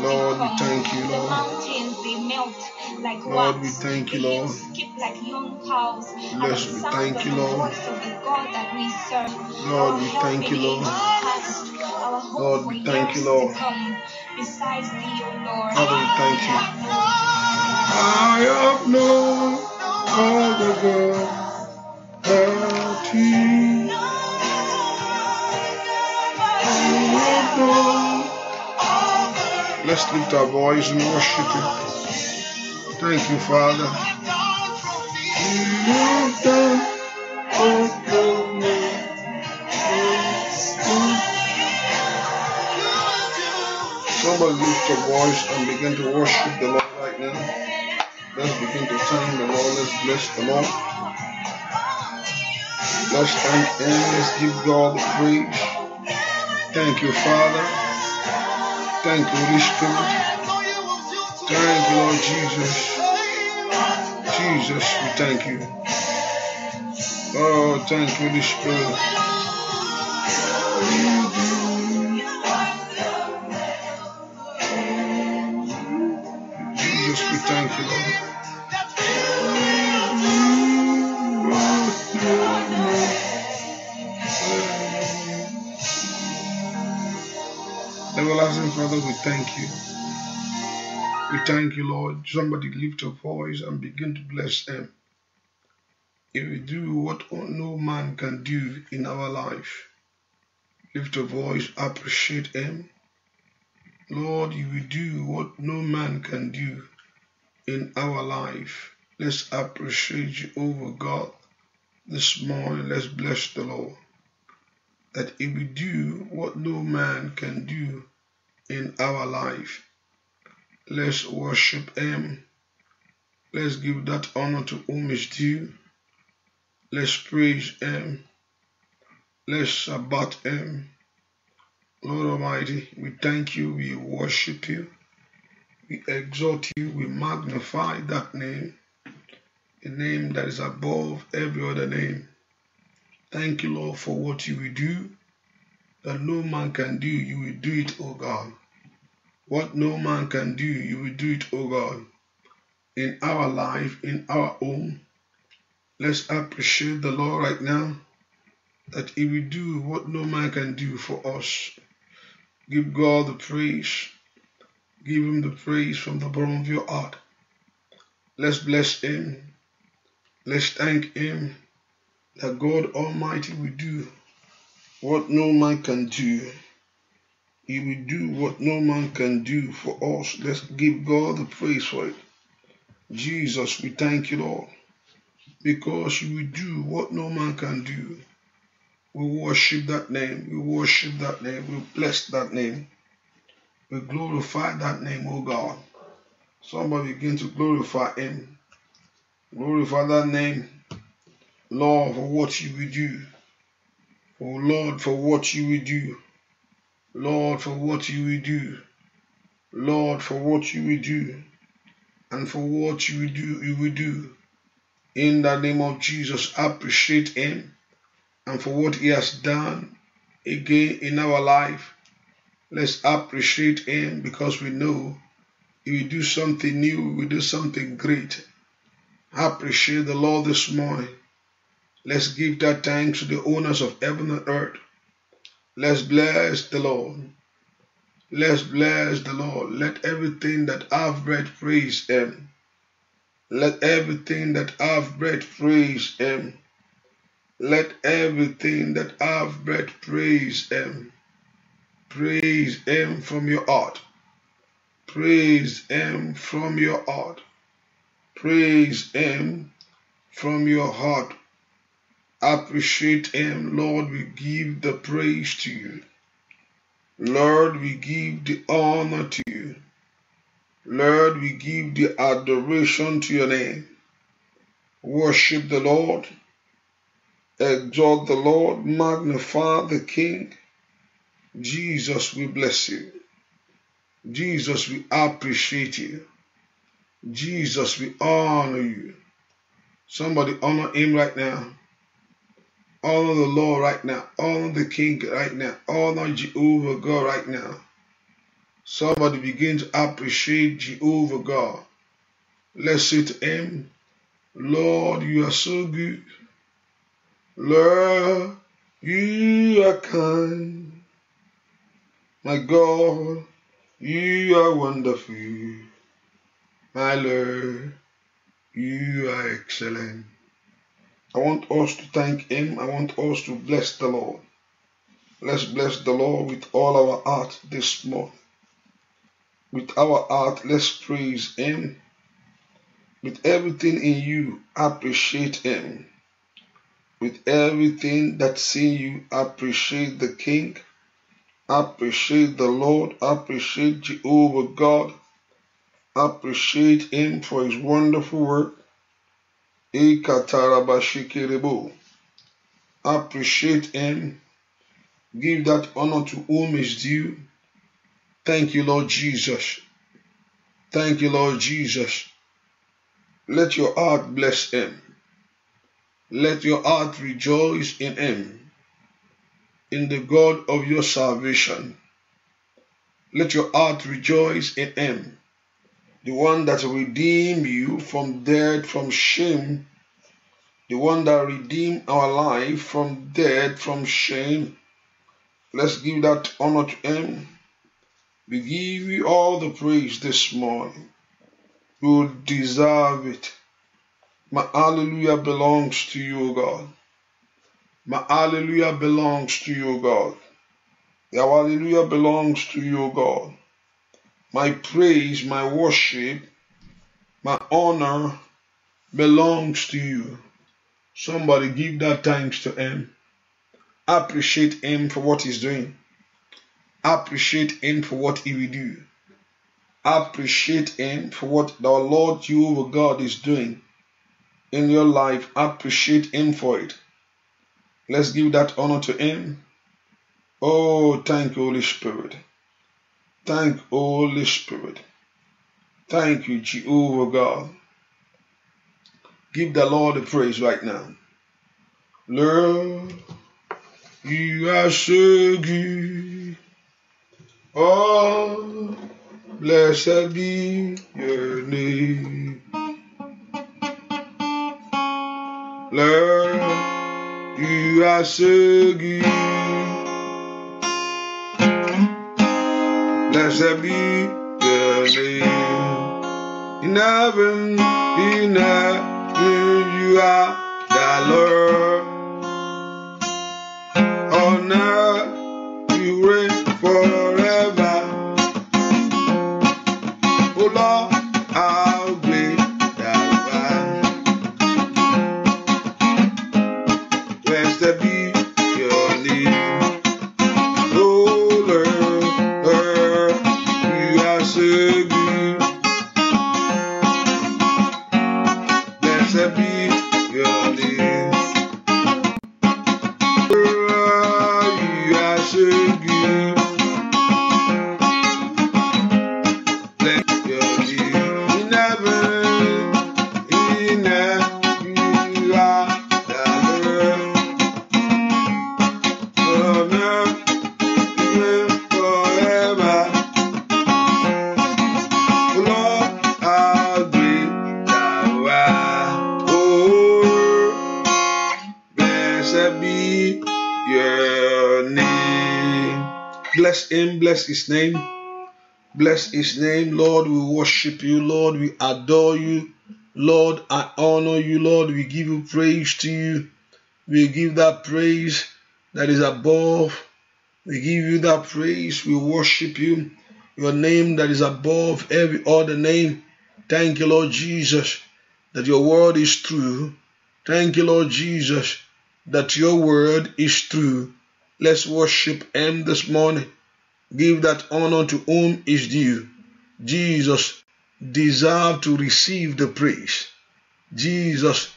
Lord, we thank you, Lord. Lord, we thank you, Lord. Yes, we thank you, Lord. Lord, we thank you, Lord. Lord, we thank you, Lord. Besides thee, O Lord. Father, we thank you. I have no other God but you. I have no Let's lift our voice and worship Him. Thank you, Father. Somebody lift your voice and begin to worship the Lord right now. Let's begin to thank the Lord. Let's bless the Lord. Let's thank Him. Let's give God the praise. Thank you, Father. Thank you, Holy Spirit. Thank you, Lord Jesus. Jesus, we thank you. Oh, thank you, Holy Spirit. Father, we thank you. We thank you, Lord. Somebody lift your voice and begin to bless them. If we do what no man can do in our life, lift your voice, appreciate Him. Lord, you will do what no man can do in our life. Let's appreciate you over God this morning. Let's bless the Lord. That if we do what no man can do in our life. Let's worship Him. Let's give that honor to whom is due. Let's praise Him. Let's about Him. Lord Almighty, we thank you, we worship you, we exalt you, we magnify that name, a name that is above every other name. Thank you, Lord, for what you will do that no man can do, you will do it, O God. What no man can do, you will do it, O God. In our life, in our home, let's appreciate the Lord right now that He will do what no man can do for us. Give God the praise. Give Him the praise from the bottom of your heart. Let's bless Him. Let's thank Him that God Almighty will do what no man can do. He will do what no man can do for us. Let's give God the praise for it. Jesus, we thank you, Lord, because you will do what no man can do. We worship that name. We worship that name. We bless that name. We glorify that name, oh God. Somebody begin to glorify Him. Glorify that name, Lord, for what you will do. O oh Lord, for what you will do. Lord, for what you will do. Lord, for what you will do. And for what you will do, you will do. In the name of Jesus, appreciate Him and for what He has done again in our life. Let's appreciate Him because we know He will do something new, He will do something great. Appreciate the Lord this morning. Let's give that thanks to the owners of heaven and earth. Let's bless the Lord. Let's bless the Lord. Let everything that I've read praise Him. Let everything that I've read praise Him. Let everything that I've read praise Him. Praise Him from your heart. Praise Him from your heart. Praise Him from your heart appreciate Him. Lord, we give the praise to you. Lord, we give the honor to you. Lord, we give the adoration to your name. Worship the Lord, exalt the Lord, magnify the King. Jesus, we bless you. Jesus, we appreciate you. Jesus, we honor you. Somebody honor him right now all of the Lord right now, all of the King right now, all on Jehovah God right now. Somebody begin to appreciate Jehovah God. Let's say to Him, Lord, you are so good. Lord, you are kind. My God, you are wonderful. My Lord, you are excellent. I want us to thank Him. I want us to bless the Lord. Let's bless the Lord with all our heart this morning. With our heart, let's praise Him. With everything in you, appreciate Him. With everything that's in you, appreciate the King. Appreciate the Lord. Appreciate Jehovah God. Appreciate Him for His wonderful work Ikatarabashikiribu. Appreciate Him. Give that honor to whom is due. Thank you, Lord Jesus. Thank you, Lord Jesus. Let your heart bless Him. Let your heart rejoice in Him, in the God of your salvation. Let your heart rejoice in Him the one that redeemed you from death, from shame, the one that redeemed our life from death, from shame. Let's give that honor to Him. We give you all the praise this morning. You deserve it. My hallelujah belongs to you, God. My hallelujah belongs to you, God. Your hallelujah belongs to you, God my praise, my worship, my honor belongs to you. Somebody give that thanks to Him. Appreciate Him for what He's doing. Appreciate Him for what He will do. Appreciate Him for what the Lord Jehovah God is doing in your life. Appreciate Him for it. Let's give that honor to Him. Oh, thank you, Holy Spirit. Thank Holy Spirit. Thank you, Jehovah God. Give the Lord the praise right now. Lord, you are so good. Oh, blessed be your name. Lord, you are so good. Inabim, inabim, you are the Lord. Oh, now. Bless his name. Bless his name. Lord, we worship you. Lord, we adore you. Lord, I honor you. Lord, we give you praise to you. We give that praise that is above. We give you that praise. We worship you. Your name that is above every other name. Thank you, Lord Jesus, that your word is true. Thank you, Lord Jesus, that your word is true. Let's worship him this morning. Give that honor to whom is due. Jesus deserved to receive the praise. Jesus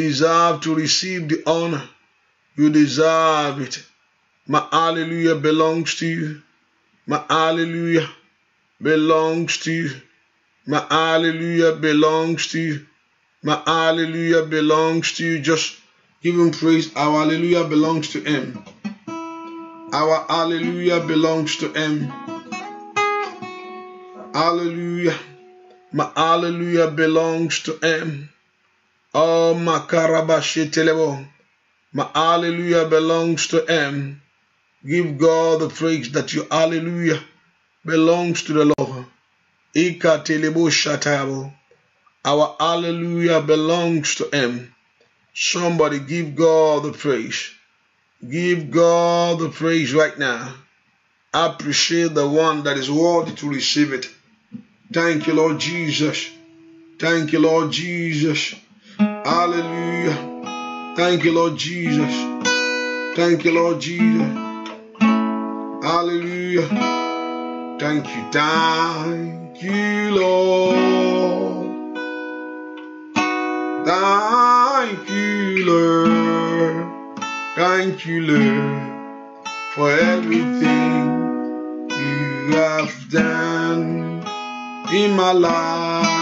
deserved to receive the honor. You deserve it. My hallelujah belongs to you. My hallelujah belongs to you. My hallelujah belongs to you. My hallelujah belongs to you. Just give him praise. Our hallelujah belongs to him. Our hallelujah belongs to Him. Hallelujah. My hallelujah belongs to Him. Oh, my telebo, My hallelujah belongs to Him. Give God the praise that your hallelujah belongs to the Lord. telebo shatabo. Our hallelujah belongs to Him. Somebody give God the praise. Give God the praise right now. Appreciate the one that is worthy to receive it. Thank you, Lord Jesus. Thank you, Lord Jesus. Hallelujah. Thank you, Lord Jesus. Thank you, Lord Jesus. Hallelujah. Thank you. Thank you, Lord. Thank you, Lord. Thank you, Lord, for everything you have done in my life.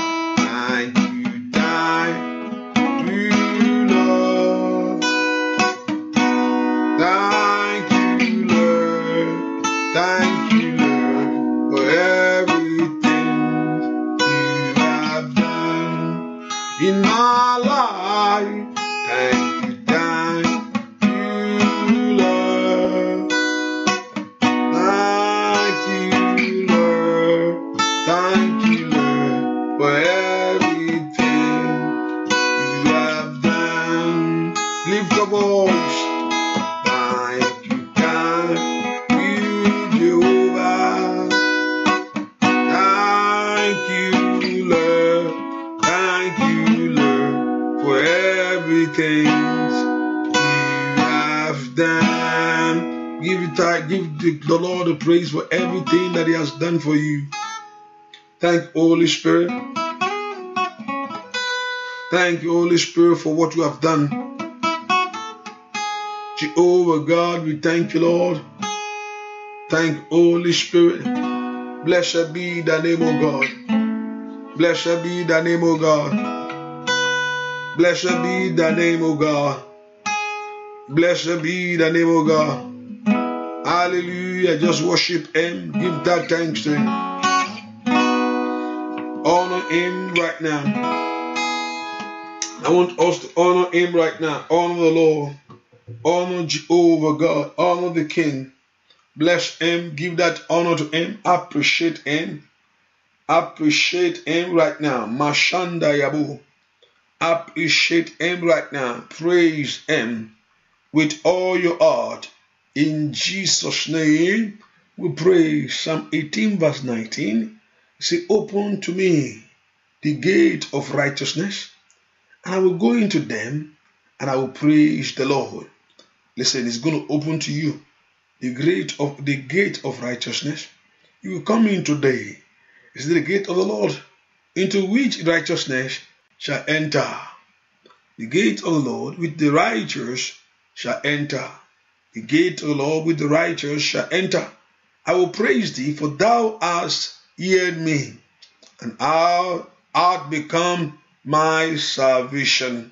praise for everything that He has done for you. Thank Holy Spirit. Thank you, Holy Spirit, for what you have done. Jehovah God, we thank you, Lord. Thank Holy Spirit. Blessed be the name of God. Blessed be the name of God. Blessed be the name of God. Blessed be the name of God. Hallelujah. Just worship Him. Give that thanks to Him. Honor Him right now. I want us to honor Him right now. Honor the Lord. Honor Jehovah God. Honor the King. Bless Him. Give that honor to Him. Appreciate Him. Appreciate Him right now. Mashanda Yabu. Appreciate Him right now. Praise Him with all your heart in Jesus' name, we pray Psalm 18, verse 19. Say, Open to me the gate of righteousness, and I will go into them and I will praise the Lord. Listen, it's going to open to you the gate of the gate of righteousness. You will come in today. It's the gate of the Lord, into which righteousness shall enter. The gate of the Lord with the righteous shall enter. The gate, of the Lord, with the righteous shall enter. I will praise thee, for thou hast heard me, and thou art become my salvation.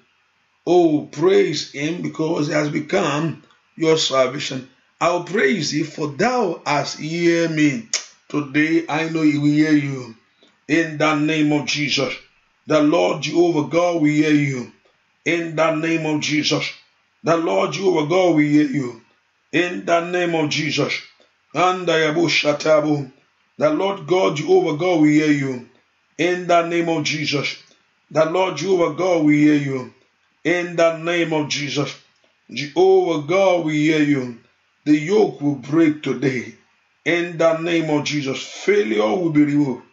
Oh, praise him, because he has become your salvation. I will praise thee, for thou hast heard me. Today I know he will hear you. In the name of Jesus, the Lord Jehovah God will hear you. In the name of Jesus, the Lord Jehovah God will hear you in the name of Jesus. And The Lord God, Jehovah God, we hear you. In the name of Jesus. The Lord Jehovah God, we hear you. In the name of Jesus. Jehovah God, we hear you. The yoke will break today. In the name of Jesus. Failure will be removed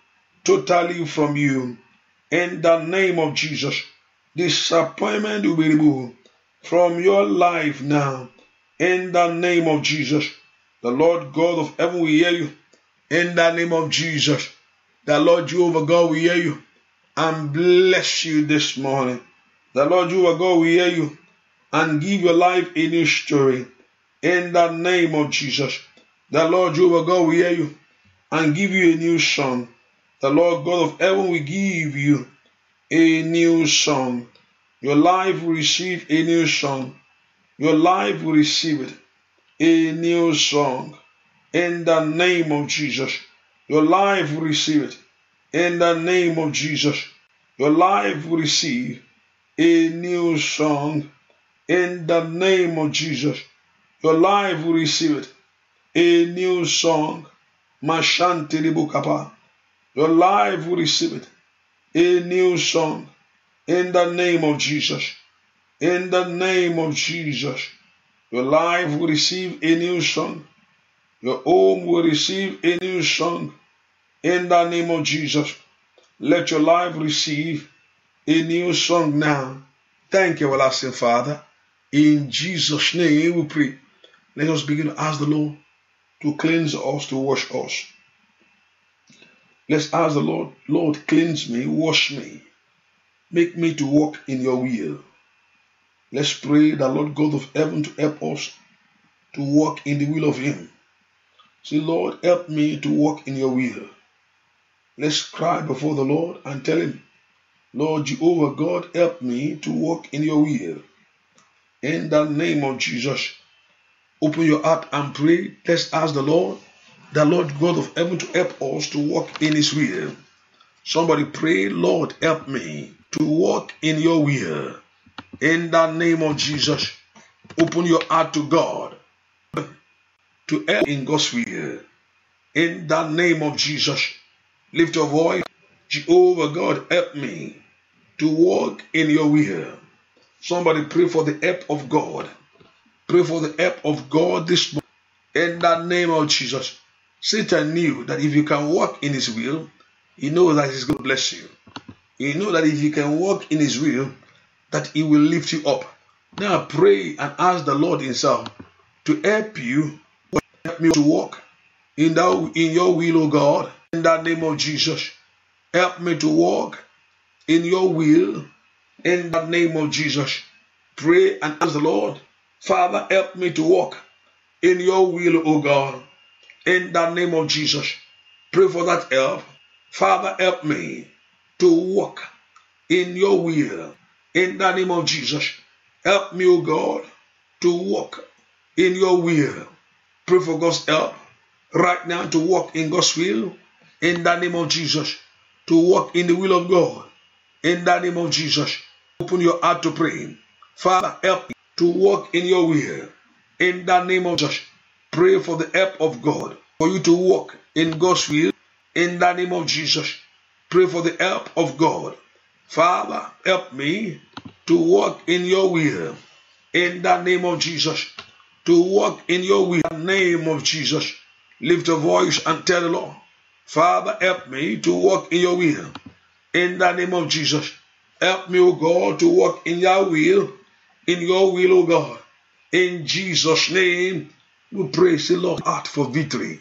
totally from you. In the name of Jesus. Disappointment will be removed from your life now in the name of Jesus. The Lord God of heaven, we hear you in the name of Jesus. The Lord Jehovah God, we hear you and bless you this morning. The Lord Jehovah God, we hear you and give your life a new story in the name of Jesus. The Lord Jehovah God, we hear you and give you a new song. The Lord God of heaven, we give you a new song. Your life will receive a new song your life will receive it. A new song. In the name of Jesus. Your life will receive it. In the name of Jesus. Your life will receive a new song. In the name of Jesus. Your life will receive it. A new song. Your life will receive it. A new song. In the name of Jesus. In the name of Jesus, your life will receive a new song. Your home will receive a new song. In the name of Jesus, let your life receive a new song now. Thank you, everlasting Father. In Jesus' name we pray. Let us begin to ask the Lord to cleanse us, to wash us. Let's ask the Lord, Lord, cleanse me, wash me, make me to walk in your will. Let's pray that Lord God of heaven to help us to walk in the will of Him. Say, Lord, help me to walk in your will. Let's cry before the Lord and tell Him, Lord Jehovah God, help me to walk in your will. In the name of Jesus, open your heart and pray. Let's ask the Lord, the Lord God of heaven, to help us to walk in His will. Somebody pray, Lord, help me to walk in your will. In the name of Jesus, open your heart to God, to help in God's will. In the name of Jesus, lift your voice. Jehovah God, help me to walk in your will. Somebody pray for the help of God. Pray for the help of God this morning. In the name of Jesus, Satan knew that if you can walk in his will, he knows that he's going to bless you. He knows that if you can walk in his will, that He will lift you up. Now pray and ask the Lord Himself to help you, help me to walk in, that, in your will, O God, in the name of Jesus. Help me to walk in your will, in the name of Jesus. Pray and ask the Lord, Father, help me to walk in your will, O God, in the name of Jesus. Pray for that help. Father, help me to walk in your will in the name of Jesus. Help me, O God, to walk in your will. Pray for God's help right now to walk in God's will in the name of Jesus. To walk in the will of God in the name of Jesus. Open your heart to pray. Father, help me to walk in your will in the name of Jesus. Pray for the help of God for you to walk in God's will in the name of Jesus. Pray for the help of God Father, help me to walk in your will in the name of Jesus. To walk in your will in the name of Jesus. Lift a voice and tell the Lord, Father, help me to walk in your will in the name of Jesus. Help me, O God, to walk in your will, in your will, O God. In Jesus' name, we praise the Lord heart for victory.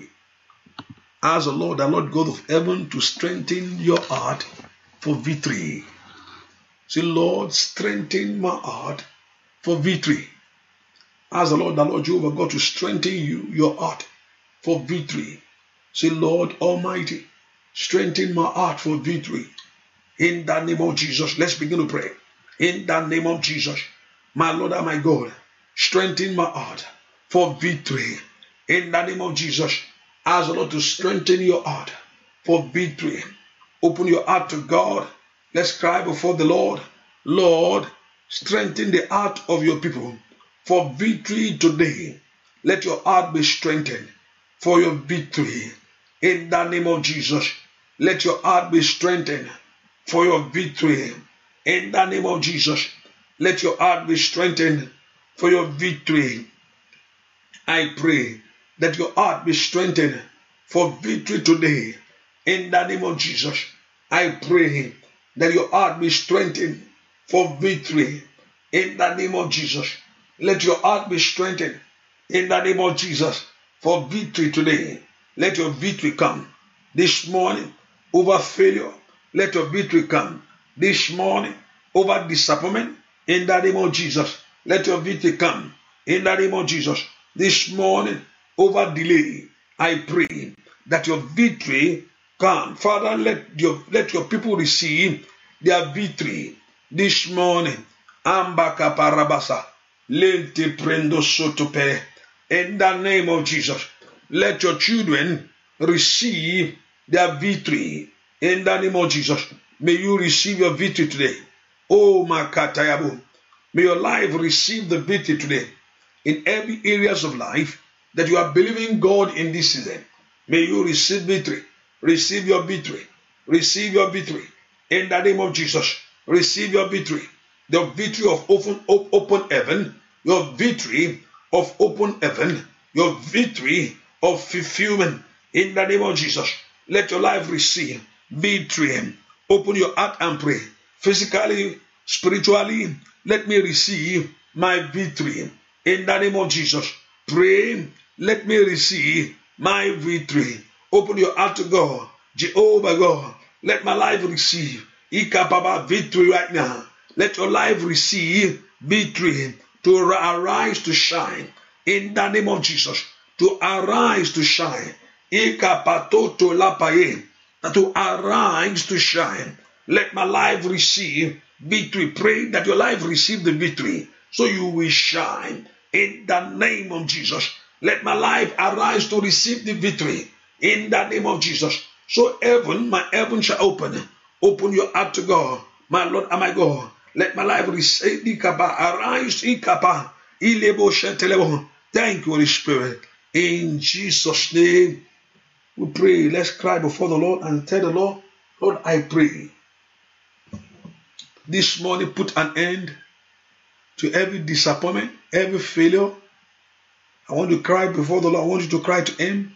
As the Lord, the Lord God of heaven, to strengthen your heart for victory. Say, Lord, strengthen my heart for victory. Ask the Lord, the Lord Jehovah God, to strengthen you, your heart for victory. Say, Lord Almighty, strengthen my heart for victory. In the name of Jesus, let's begin to pray. In the name of Jesus, my Lord and my God, strengthen my heart for victory. In the name of Jesus, ask the Lord to strengthen your heart for victory. Open your heart to God Let's cry before the Lord. Lord, strengthen the heart of your people for victory today. Let your heart be strengthened for your victory. In the name of Jesus, let your heart be strengthened for your victory. In the name of Jesus, let your heart be strengthened for your victory. I pray that your heart be strengthened for victory today. In the name of Jesus, I pray him. that your heart be strengthened for victory in the name of Jesus. Let your heart be strengthened in the name of Jesus for victory today. Let your victory come this morning over failure. Let your victory come this morning over disappointment in the name of Jesus. Let your victory come in the name of Jesus. This morning over delay, I pray that your victory Come, Father, let your, let your people receive their victory this morning. Ambaka parabasa. Lente prendo sotope. In the name of Jesus, let your children receive their victory. In the name of Jesus, may you receive your victory today. Oh, Makatayabu. May your life receive the victory today in every areas of life that you are believing God in this season. May you receive victory Receive your victory. Receive your victory. In the name of Jesus, receive your victory. The victory of open, open heaven. Your victory of open heaven. Your victory of fulfillment. In the name of Jesus, let your life receive victory. Open your heart and pray. Physically, spiritually, let me receive my victory. In the name of Jesus, pray. Let me receive my victory Open your heart to God. Jehovah God, let my life receive Ikababa victory right now. Let your life receive victory to arise to shine in the name of Jesus. To arise to shine. Ikapatoto lapaye. To arise to shine. Let my life receive victory. Pray that your life receive the victory so you will shine in the name of Jesus. Let my life arise to receive the victory in the name of Jesus. So heaven, my heaven shall open. Open your heart to God. My Lord and my God. Let my life receive Ikaba. Arise Ikaba. Thank you, Holy Spirit. In Jesus' name, we pray. Let's cry before the Lord and tell the Lord, Lord, I pray. This morning, put an end to every disappointment, every failure. I want to cry before the Lord. I want you to cry to Him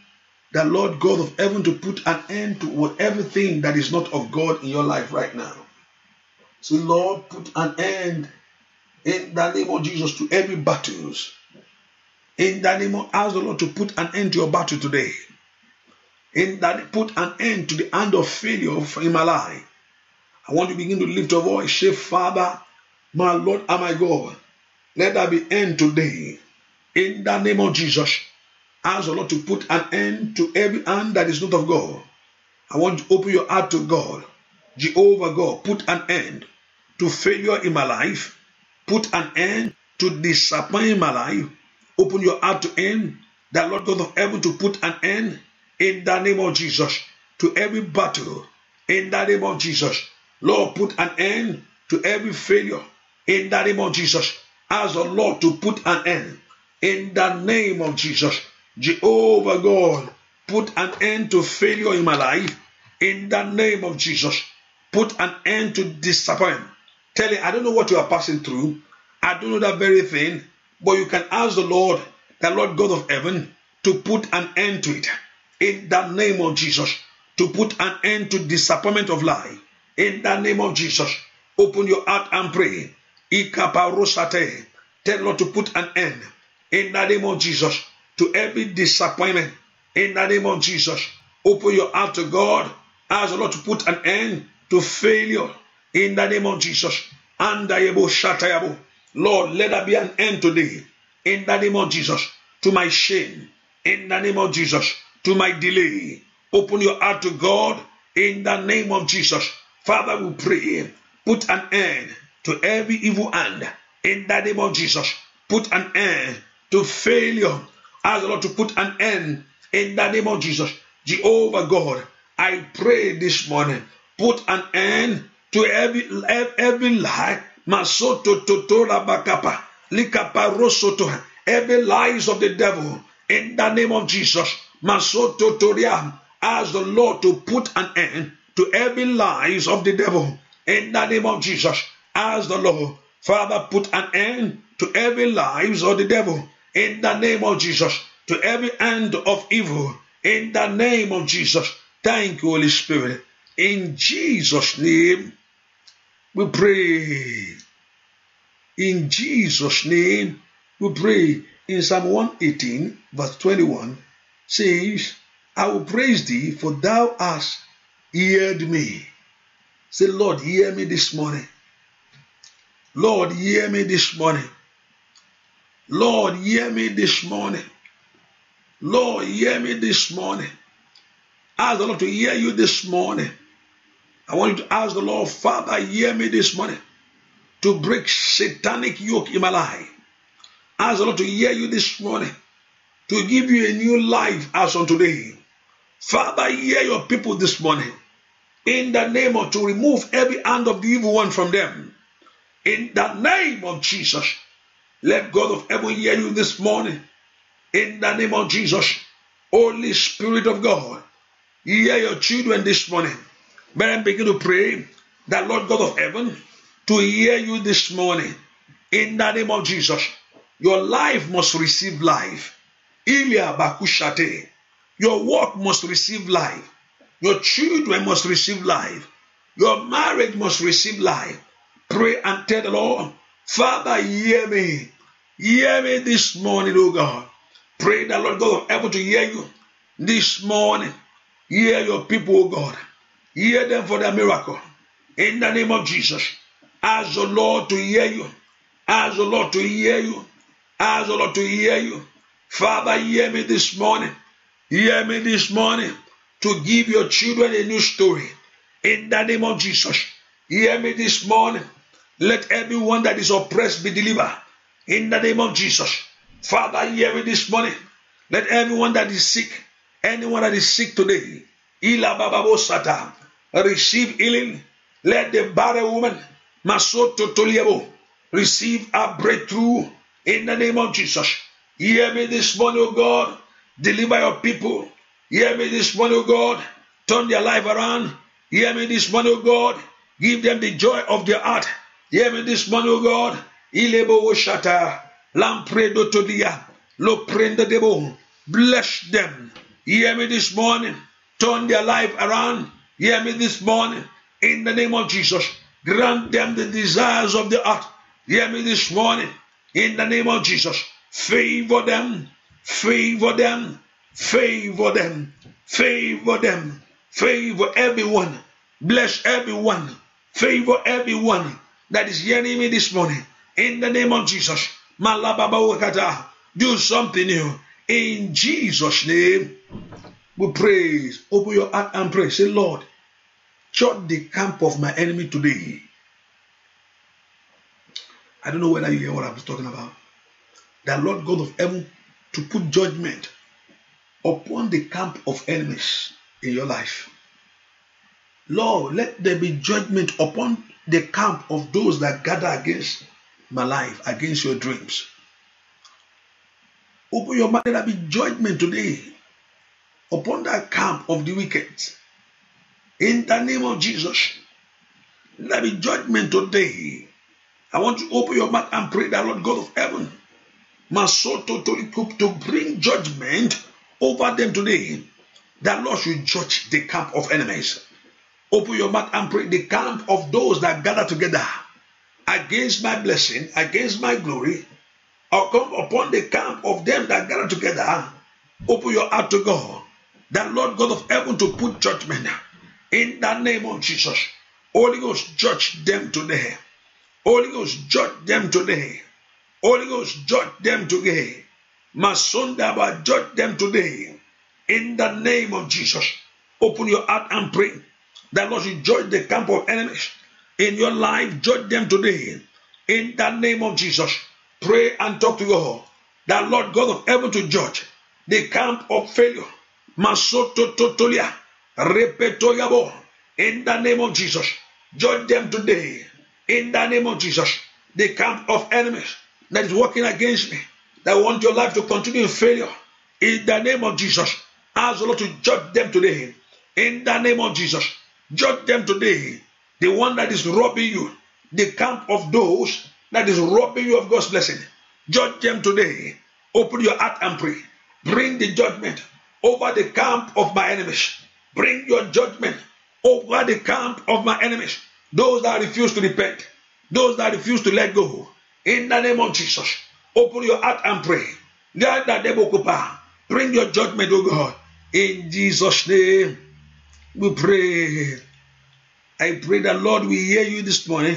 the Lord God of heaven to put an end to everything that is not of God in your life right now. So, Lord, put an end in the name of Jesus to every battles. In the name of ask the Lord to put an end to your battle today. In that put an end to the end of failure in my life. I want to begin to lift your voice, say, Father, my Lord and my God, let there be end today. In the name of Jesus. Ask the Lord to put an end to every hand that is not of God. I want you to open your heart to God. Jehovah God, put an end to failure in my life. Put an end to disappointment in my life. Open your heart to Him. That Lord God of heaven to put an end in the name of Jesus to every battle in the name of Jesus. Lord, put an end to every failure in the name of Jesus. Ask the Lord to put an end in the name of Jesus. Jehovah God, put an end to failure in my life in the name of Jesus. Put an end to disappointment. Tell him, I don't know what you are passing through. I don't know that very thing. But you can ask the Lord, the Lord God of heaven, to put an end to it in the name of Jesus. To put an end to disappointment of life in the name of Jesus. Open your heart and pray. Tell Lord to put an end in the name of Jesus to every disappointment in the name of Jesus. Open your heart to God. Ask the Lord to put an end to failure in the name of Jesus. Lord, let there be an end today in the name of Jesus to my shame, in the name of Jesus to my delay. Open your heart to God in the name of Jesus. Father, we pray, put an end to every evil hand in the name of Jesus. Put an end to failure Ask the Lord to put an end in the name of Jesus. Jehovah God, I pray this morning, put an end to every, every lie. Masoto totora bakapa. Likaparosoto. Every lies of the devil. In the name of Jesus. Masoto toria. Ask the Lord to put an end to every lies of the devil. In the name of Jesus. Ask the Lord. Father, put an end to every lies of the devil in the name of Jesus to every end of evil in the name of Jesus. Thank you, Holy Spirit. In Jesus' name, we pray. In Jesus' name, we pray. In Psalm 118, verse 21, says, I will praise thee, for thou hast heard me. Say, Lord, hear me this morning. Lord, hear me this morning. Lord, hear me this morning. Lord, hear me this morning. Ask the Lord to hear you this morning. I want you to ask the Lord, Father, hear me this morning to break satanic yoke in my life. Ask the Lord to hear you this morning to give you a new life as on today. Father, hear your people this morning in the name of to remove every hand of the evil one from them. In the name of Jesus, let God of heaven hear you this morning. In the name of Jesus, Holy Spirit of God, hear your children this morning. May I begin to pray that Lord God of heaven to hear you this morning. In the name of Jesus, your life must receive life. Ilya Bakushate. Your work must receive life. Your children must receive life. Your marriage must receive life. Pray and tell the Lord, Father, hear me. Hear me this morning, oh God. Pray the Lord God of heaven to hear you this morning. Hear your people, oh God. Hear them for their miracle. In the name of Jesus. Ask the Lord to hear you. Ask the Lord to hear you. Ask the Lord to hear you. Father, hear me this morning. Hear me this morning to give your children a new story. In the name of Jesus. Hear me this morning. Let everyone that is oppressed be delivered. In the name of Jesus. Father, hear me this morning. Let everyone that is sick, anyone that is sick today, receive healing. Let the barren woman, Masoto Toliabo, receive a breakthrough in the name of Jesus. Hear me this morning, O God. Deliver your people. Hear me this morning, O God. Turn their life around. Hear me this morning, O God. Give them the joy of their heart. Hear me this morning, O God. Ilebo Woshata, Lampredo Todia, Loprenda Debo. Bless them. Hear me this morning. Turn their life around. Hear me this morning. In the name of Jesus. Grant them the desires of the heart. Hear me this morning. In the name of Jesus. Favor them. Favor them. Favor them. Favor them. Favor everyone. Bless everyone. Favor everyone that is hearing me this morning. In the name of Jesus. Do something new. In Jesus' name, we praise. Open your heart and pray. Say, Lord, shut the camp of my enemy today. I don't know whether you hear what I'm talking about. The Lord God of heaven to put judgment upon the camp of enemies in your life. Lord, let there be judgment upon the camp of those that gather against my life, against your dreams. Open your mind, there will be judgment today upon that camp of the wicked. In the name of Jesus, there be judgment today. I want to open your mouth and pray that Lord God of heaven, Masoto to, to bring judgment over them today. That Lord should judge the camp of enemies. Open your mouth and pray the camp of those that gather together against my blessing, against my glory, or come upon the camp of them that gather together, open your heart to God, that Lord God of heaven to put judgment in the name of Jesus. Holy Ghost, judge them today. Holy Ghost, judge them today. Holy Ghost, judge them today. Masundaba, judge them today. In the name of Jesus, open your heart and pray that Lord should judge the camp of enemies in your life, judge them today. In the name of Jesus, pray and talk to your heart That Lord God of heaven to judge the camp of failure. Masotototolia. Repetoyabo. In the name of Jesus, judge them today. In the name of Jesus, the camp of enemies that is working against me, that want your life to continue in failure. In the name of Jesus, ask the Lord to judge them today. In the name of Jesus, judge them today. The one that is robbing you, the camp of those that is robbing you of God's blessing. Judge them today. Open your heart and pray. Bring the judgment over the camp of my enemies. Bring your judgment over the camp of my enemies. Those that refuse to repent, those that refuse to let go. In the name of Jesus, open your heart and pray. Bring your judgment, O God. In Jesus' name, we pray. I pray that Lord we hear you this morning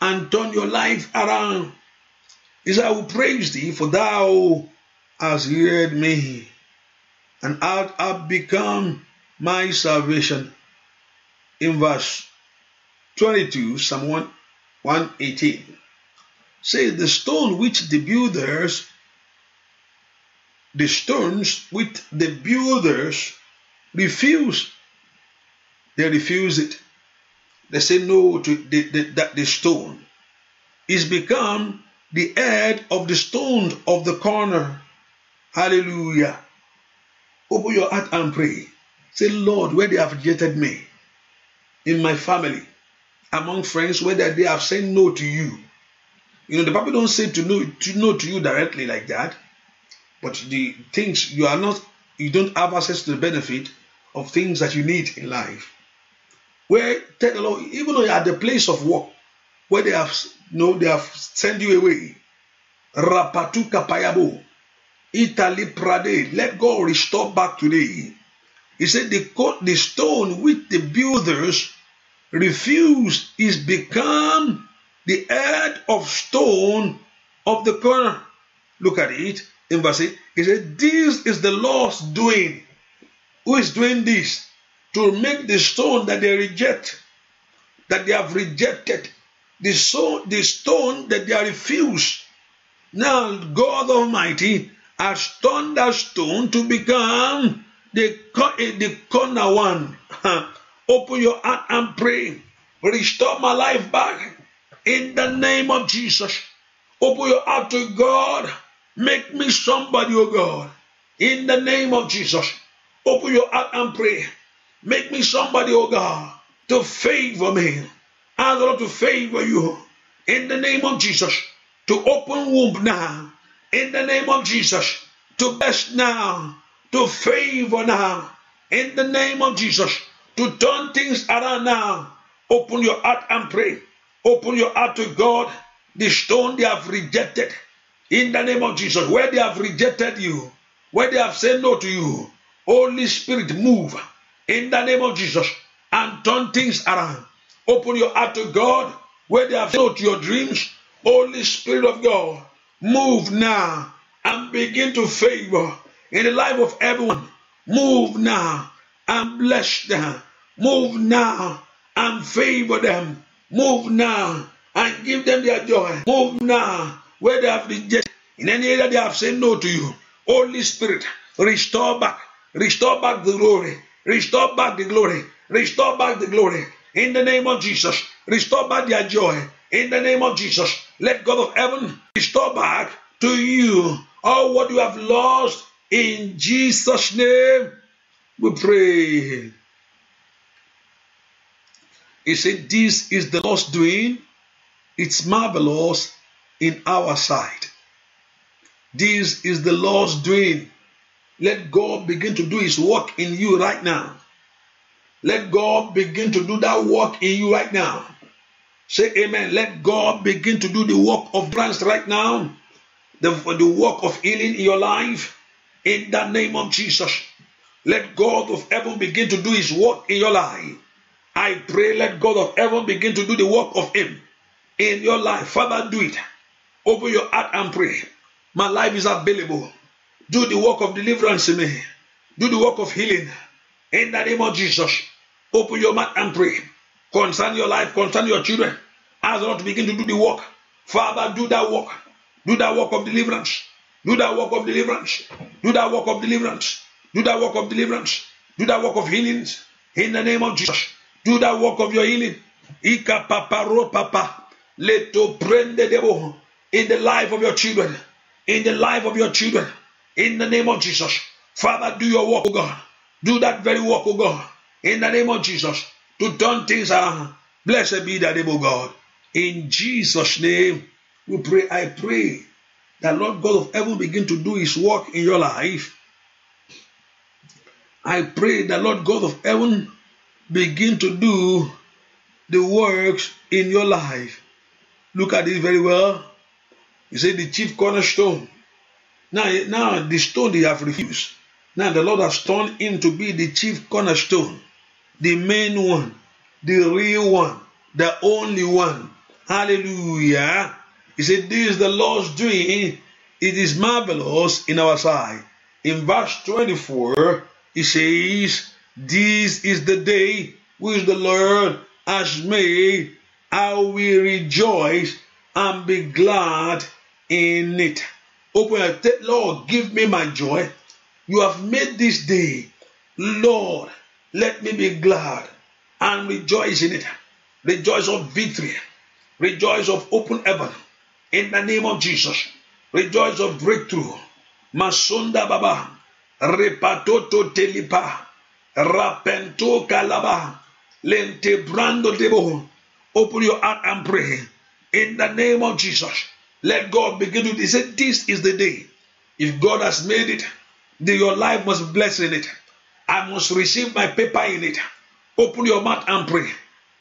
and turn your life around. Is I will praise thee, for thou hast heard me, and art have become my salvation. In verse 22, Psalm 118, Say The stone which the builders, the stones which the builders refuse, they refuse it. They say no to the, the, the stone. It's become the head of the stone of the corner. Hallelujah. Open your heart and pray. Say, Lord, where they have rejected me, in my family, among friends, whether they have said no to you. You know, the Bible don't say to no to no to you directly like that, but the things you are not you don't have access to the benefit of things that you need in life. Where tell the Lord, even though at the place of work, where they have you no, know, they have sent you away. Rapatu kapayabo, Italy prade. Let God restore back today. He said the the stone which the builders refused is become the head of stone of the corner. Look at it in verse 8. He said, This is the Lord's doing. Who is doing this? to make the stone that they reject, that they have rejected, the, so, the stone that they refuse. Now, God Almighty has turned that stone to become the, eh, the corner one. Open your heart and pray. Restore my life back in the name of Jesus. Open your heart to God. Make me somebody, oh God. In the name of Jesus. Open your heart and pray. Make me somebody, oh God, to favor me. Ask Lord to favor you in the name of Jesus. To open womb now in the name of Jesus. To bless now. To favor now in the name of Jesus. To turn things around now. Open your heart and pray. Open your heart to God. The stone they have rejected in the name of Jesus. Where they have rejected you, where they have said no to you, Holy Spirit, move in the name of Jesus and turn things around. Open your heart to God where they have sold your dreams. Holy Spirit of God, move now and begin to favor in the life of everyone. Move now and bless them. Move now and favor them. Move now and give them their joy. Move now where they have rejected. In any area they have said no to you. Holy Spirit, restore back, restore back the glory. Restore back the glory. Restore back the glory. In the name of Jesus. Restore back their joy. In the name of Jesus. Let God of heaven restore back to you all what you have lost. In Jesus' name, we pray. He said, This is the Lord's doing. It's marvelous in our sight. This is the Lord's doing. Let God begin to do His work in you right now. Let God begin to do that work in you right now. Say amen. Let God begin to do the work of grace right now, the, the work of healing in your life, in the name of Jesus. Let God of heaven begin to do his work in your life. I pray, let God of heaven begin to do the work of him in your life. Father, do it. Open your heart and pray. My life is available. Do the work of deliverance in me. Do the work of healing. In the name of Jesus, open your mouth and pray. Concern your life, concern your children. Ask the Lord to begin to do the work. Father, do that work. Do that work of deliverance. Do that work of deliverance. Do that work of deliverance. Do that work of deliverance. Do that work of healing. In the name of Jesus. Do that work of your healing. Ika ro papa. Leto the devil In the life of your children. In the life of your children. In the name of Jesus. Father, do your work, O God. Do that very work, O God. In the name of Jesus. To turn things around. Blessed be the name of God. In Jesus' name, we pray. I pray that Lord God of heaven begin to do his work in your life. I pray that Lord God of heaven begin to do the works in your life. Look at it very well. You say the chief cornerstone now, now the stone they have refused. Now the Lord has turned him to be the chief cornerstone, the main one, the real one, the only one. Hallelujah. He said, This is the Lord's doing. It is marvelous in our sight. In verse 24, he says, This is the day which the Lord has made. I will rejoice and be glad in it. Open your t- Lord, give me my joy. You have made this day. Lord, let me be glad and rejoice in it. Rejoice of victory. Rejoice of open heaven. In the name of Jesus. Rejoice of breakthrough. Masunda Baba. Repatoto Telipa. Rapento Kalaba. Lente Brando Debo. Open your heart and pray. In the name of Jesus. Let God begin to. He said, This is the day. If God has made it, then your life must bless in it. I must receive my paper in it. Open your mouth and pray.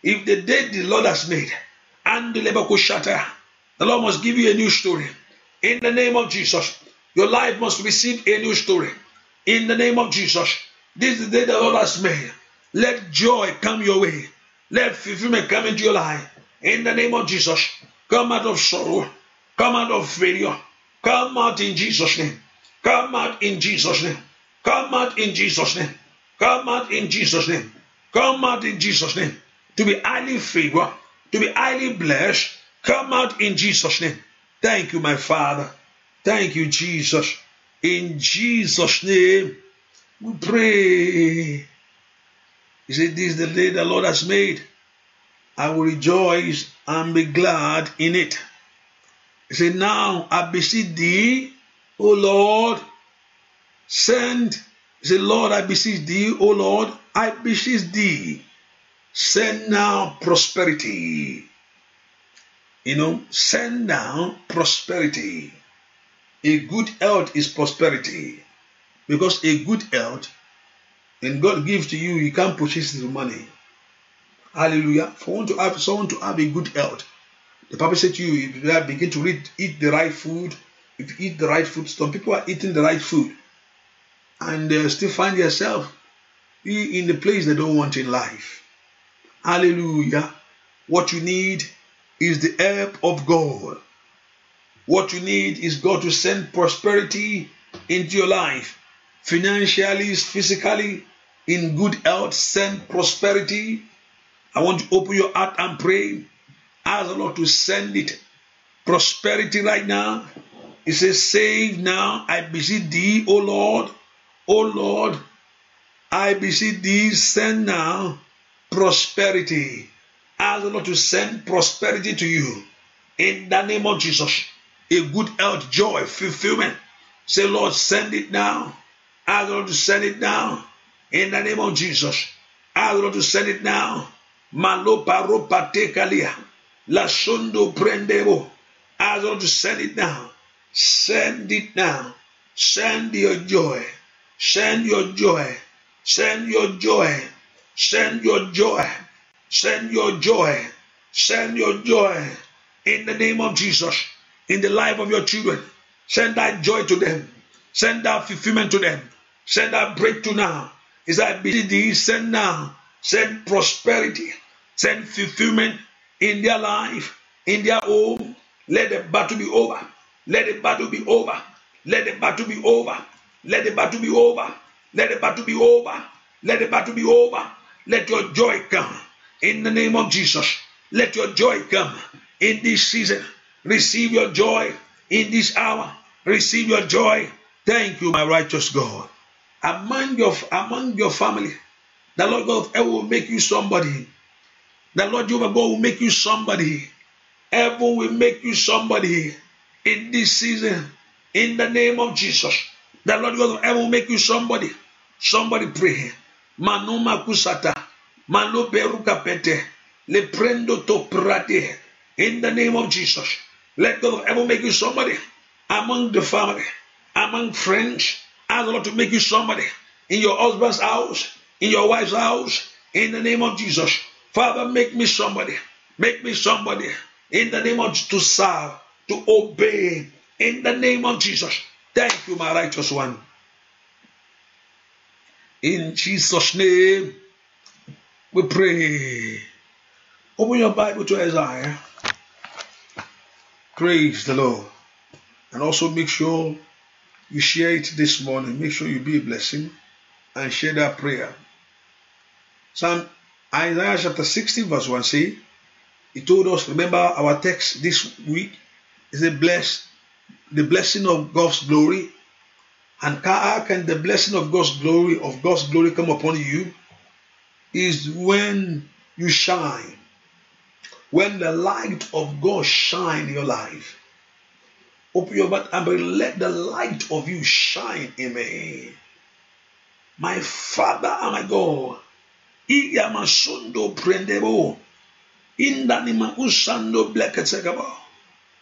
If the day the Lord has made, and the labor could shatter, the Lord must give you a new story. In the name of Jesus, your life must receive a new story. In the name of Jesus, this is the day the Lord has made. Let joy come your way. Let fulfillment come into your life. In the name of Jesus, come out of sorrow Come out of failure. Come out in Jesus' name. Come out in Jesus' name. Come out in Jesus' name. Come out in Jesus' name. Come out in Jesus' name. To be highly favored, to be highly blessed. Come out in Jesus' name. Thank you, my Father. Thank you, Jesus. In Jesus' name, we pray. He said, This is the day the Lord has made. I will rejoice and be glad in it. Say Now I beseech thee, O Lord, send. Say Lord, I beseech thee, O Lord, I beseech thee, send now prosperity. You know, send now prosperity. A good health is prosperity. Because a good health, and God gives to you, you can't purchase it with money. Hallelujah. For want to have someone to have a good health, The Bible said to you, if you begin to read, eat the right food, if you eat the right food, some people are eating the right food and still find yourself in the place they don't want in life. Hallelujah. What you need is the help of God. What you need is God to send prosperity into your life, financially, physically, in good health, send prosperity. I want to open your heart and pray Ask the Lord to send it. Prosperity right now. He says, Save now, I beseech thee, O Lord, O Lord, I beseech thee, send now prosperity. Ask the Lord to send prosperity to you in the name of Jesus. A good health, joy, fulfillment. Say, Lord, send it now. Ask the Lord to send it now in the name of Jesus. Ask the Lord to send it now. Malopa ropa tekalia. Lashondo Prendebo. I want to send it now. Send it now. Send your joy. Send your joy. Send your joy. Send your joy. Send your joy. Send your joy. In the name of Jesus. In the life of your children. Send that joy to them. Send that fulfillment to them. Send that breakthrough now. Is that busy? Send now. Send prosperity. Send fulfillment in their life, in their home. Let the battle be over. Let the battle be over. Let the battle be over. Let the battle be over. Let the battle be over. Let the battle be over. Let your joy come in the name of Jesus. Let your joy come in this season. Receive your joy in this hour. Receive your joy. Thank you, my righteous God. Among your among your family, the Lord God will make you somebody The Lord Jehovah God will make you somebody. Heaven will make you somebody in this season. In the name of Jesus. The Lord God of heaven will make you somebody. Somebody pray. Manuma kusata. Mano peruka pete. Le prendo to prate. In the name of Jesus. Let God of heaven make you somebody. Among the family. Among friends. Ask the Lord to make you somebody. In your husband's house. In your wife's house. In the name of Jesus. Father, make me somebody. Make me somebody in the name of to serve, to obey in the name of Jesus. Thank you, my righteous one. In Jesus' name, we pray. Open your Bible to Isaiah. Praise the Lord. And also make sure you share it this morning. Make sure you be a blessing and share that prayer. Psalm Isaiah chapter 60, verse one says, he told us, remember our text this week, is a bless, the blessing of God's glory. And how can the blessing of God's glory, of God's glory come upon you? Is when you shine, when the light of God shine in your life. Open your mouth and let the light of you shine in My Father and my God, Iyamasundo prendebo. Indanima usando bleketekebo.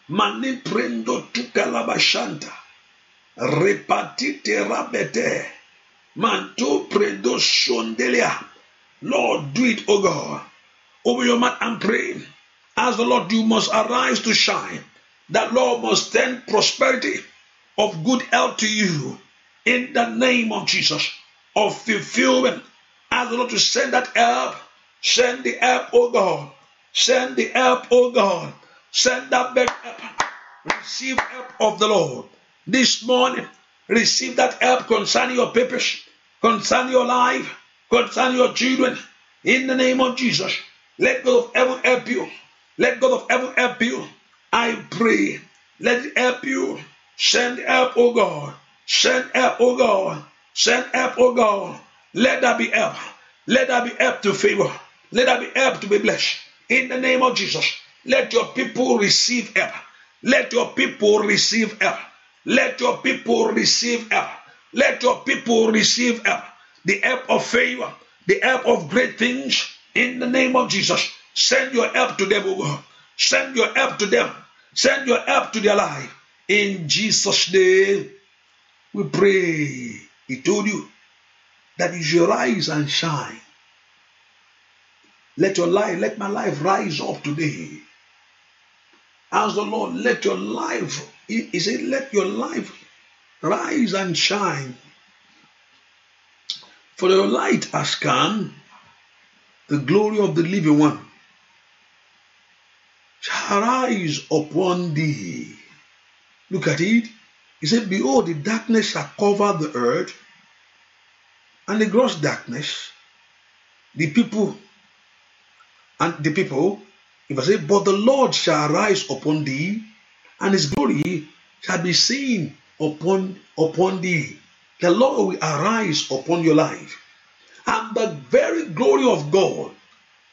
Mani prendo tukalabashanta. Repatite rabete. Manto prendo shondelia. Lord, do it, O God. Over your mouth and pray. As the Lord, you must arise to shine. That Lord must send prosperity of good health to you in the name of Jesus, of fulfillment Ask the Lord to send that help. Send the help, oh God. Send the help, oh God. Send that back help. Receive help of the Lord. This morning, receive that help concerning your papers, concerning your life, concerning your children. In the name of Jesus, let God of heaven help you. Let God of heaven help you. I pray. Let it help you. Send help, oh God. Send help, oh God. Send help, oh God. Let that be help. Let that be help to favor. Let that be help to be blessed. In the name of Jesus, let your people receive help. Let your people receive help. Let your people receive help. Let your people receive help. The help of favor, the help of great things. In the name of Jesus, send your help to them, O God. Send your help to them. Send your help to their life. In Jesus' name, we pray. He told you that you should rise and shine. Let your life, let my life rise up today. As the Lord, let your life, he said, let your life rise and shine. For your light has come, the glory of the living one shall rise upon thee. Look at it. He said, Behold, the darkness shall cover the earth, and the gross darkness, the people, and the people, if I say, but the Lord shall rise upon thee, and his glory shall be seen upon upon thee. The Lord will arise upon your life, and the very glory of God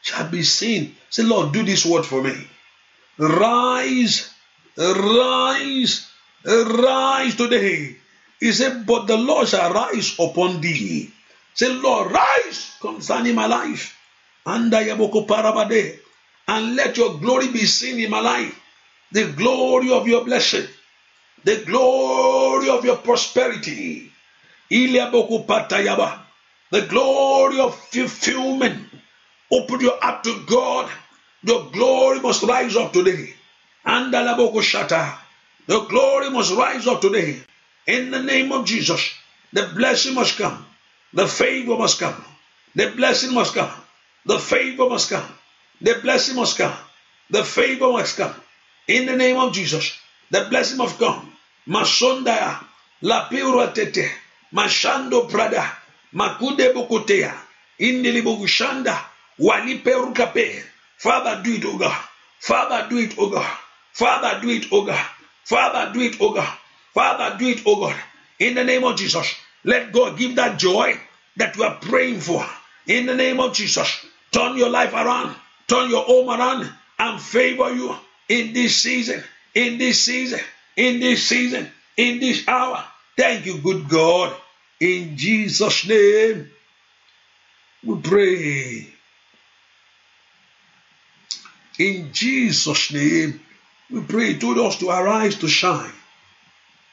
shall be seen. Say, Lord, do this word for me. Rise, rise, rise today. He said, But the Lord shall rise upon thee Say, Lord, rise concerning my life. And let your glory be seen in my life. The glory of your blessing. The glory of your prosperity. The glory of fulfillment. Open your heart to God. Your glory must rise up today. And the glory must rise up today. In the name of Jesus, the blessing must come. The favor must come. The blessing must come. The favor must come. The blessing must come. The favor must come. In the name of Jesus, the blessing must come. Masondaya, la tete, mashando prada, makude bukutea, indilibugushanda, walipe rukape. Father, do it, O God. Father, do it, O God. Father, do it, O God. Father, do it, O God. Father, do it, O God. In the name of Jesus. Let God give that joy that you are praying for. In the name of Jesus, turn your life around, turn your home around, and favor you in this season, in this season, in this season, in this hour. Thank you, good God. In Jesus' name, we pray. In Jesus' name, we pray. To told us to arise to shine.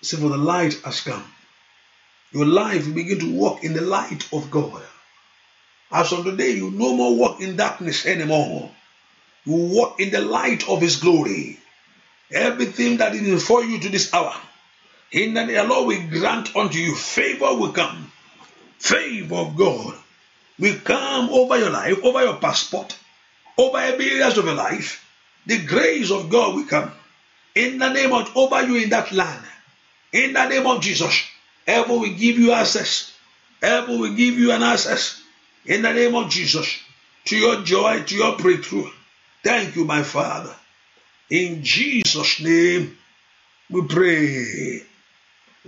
See, for the light has come. Your life will begin to walk in the light of God. As of today, you no more walk in darkness anymore. You walk in the light of His glory. Everything that is before you to this hour, in the name of Lord we grant unto you favor will come. Favor of God will come over your life, over your passport, over every area of your life. The grace of God will come in the name of over you in that land. In the name of Jesus, Ever will give you access. ever will give you an access in the name of Jesus to your joy, to your breakthrough. Thank you, my Father. In Jesus' name, we pray.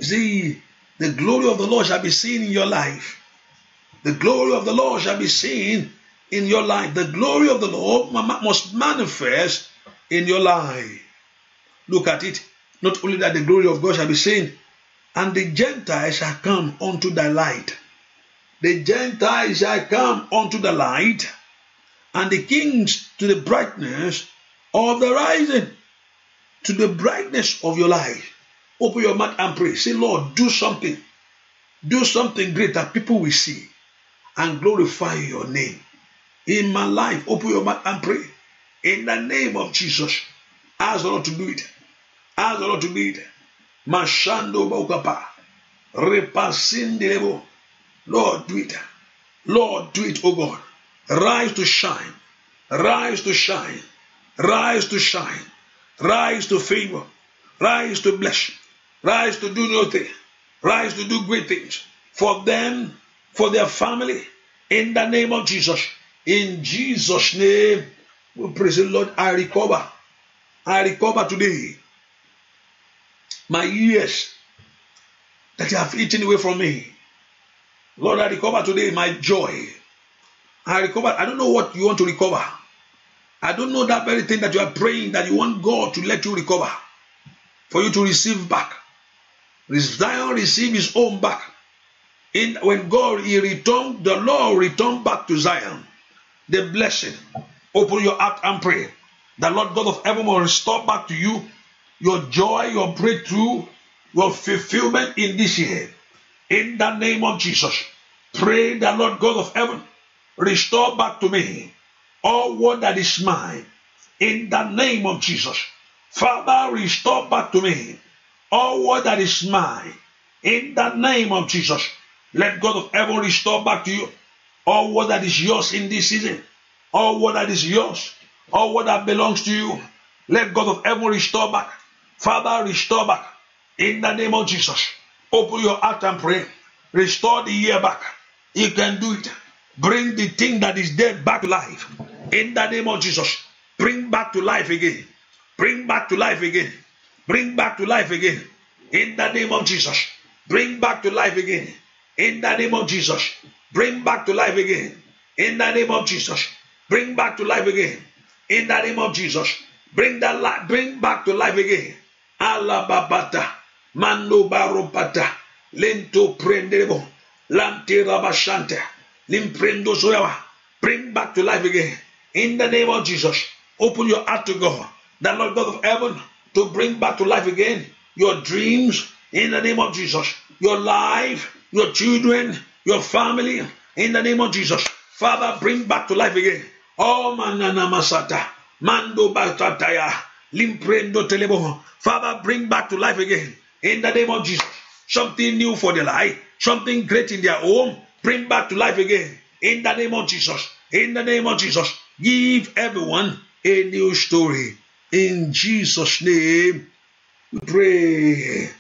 See, the glory of the Lord shall be seen in your life. The glory of the Lord shall be seen in your life. The glory of the Lord must manifest in your life. Look at it. Not only that the glory of God shall be seen and the Gentiles shall come unto thy light. The Gentiles shall come unto the light, and the kings to the brightness of the rising, to the brightness of your life. Open your mouth and pray. Say, Lord, do something. Do something great that people will see and glorify your name. In my life, open your mouth and pray. In the name of Jesus, ask the Lord to do it. Ask the Lord to do it. Mashando Bokapa. Repasindelebo. Lord, do it. Lord, do it, O God. Rise to shine. Rise to shine. Rise to shine. Rise to favor. Rise to bless. Rise to do nothing. Rise to do great things for them, for their family. In the name of Jesus. In Jesus' name, we praise the Lord. I recover. I recover today my ears that you have eaten away from me. Lord, I recover today my joy. I recover. I don't know what you want to recover. I don't know that very thing that you are praying that you want God to let you recover, for you to receive back. Zion receive his own back. In when God he returned, the Lord returned back to Zion. The blessing. Open your heart and pray. The Lord God of heaven will restore back to you your joy, your breakthrough, your fulfillment in this year. In the name of Jesus, pray the Lord God of heaven, restore back to me all what that is mine. In the name of Jesus, Father, restore back to me all what that is mine. In the name of Jesus, let God of heaven restore back to you all what that is yours in this season, all what that is yours, all what that belongs to you. Let God of heaven restore back Father, restore back in the name of Jesus. Open your heart and pray. Restore the year back. You can do it. Bring the thing that is dead back to life in the name of Jesus. Bring back to life again. Bring back to life again. Bring back to life again in the name of Jesus. Bring back to life again in the name of Jesus. Bring back to life again in the name of Jesus. Bring back to life again in the name of Jesus. Bring that li- bring back to life again alababata manobarobata lento prenderebo lante rabashante limprendo soyawa bring back to life again in the name of Jesus open your heart to God the Lord God of heaven to bring back to life again your dreams in the name of Jesus your life your children your family in the name of Jesus Father bring back to life again oh manana masata mando batataya Father, bring back to life again. In the name of Jesus. Something new for their life. Something great in their home. Bring back to life again. In the name of Jesus. In the name of Jesus. Give everyone a new story. In Jesus' name, we pray.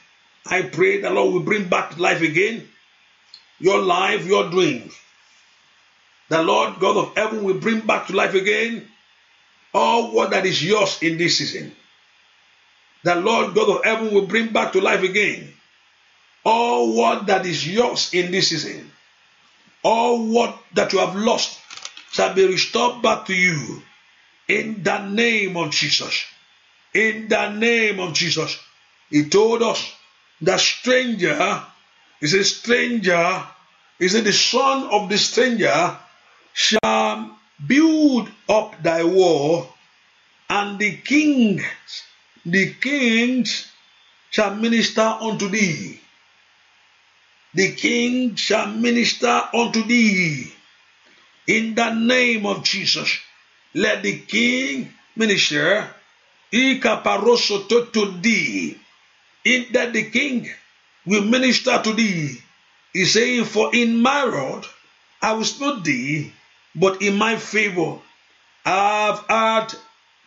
I pray the Lord will bring back to life again your life, your dreams. The Lord God of heaven will bring back to life again all what that is yours in this season. The Lord God of heaven will bring back to life again all what that is yours in this season. All what that you have lost shall be restored back to you in the name of Jesus. In the name of Jesus. He told us the stranger is a stranger, is it the son of the stranger shall build up thy wall, and the kings, the kings shall minister unto thee. The king shall minister unto thee. In the name of Jesus, let the king minister to thee. In that the king will minister to thee. He's saying, For in my rod I will smite thee but in my favor I have had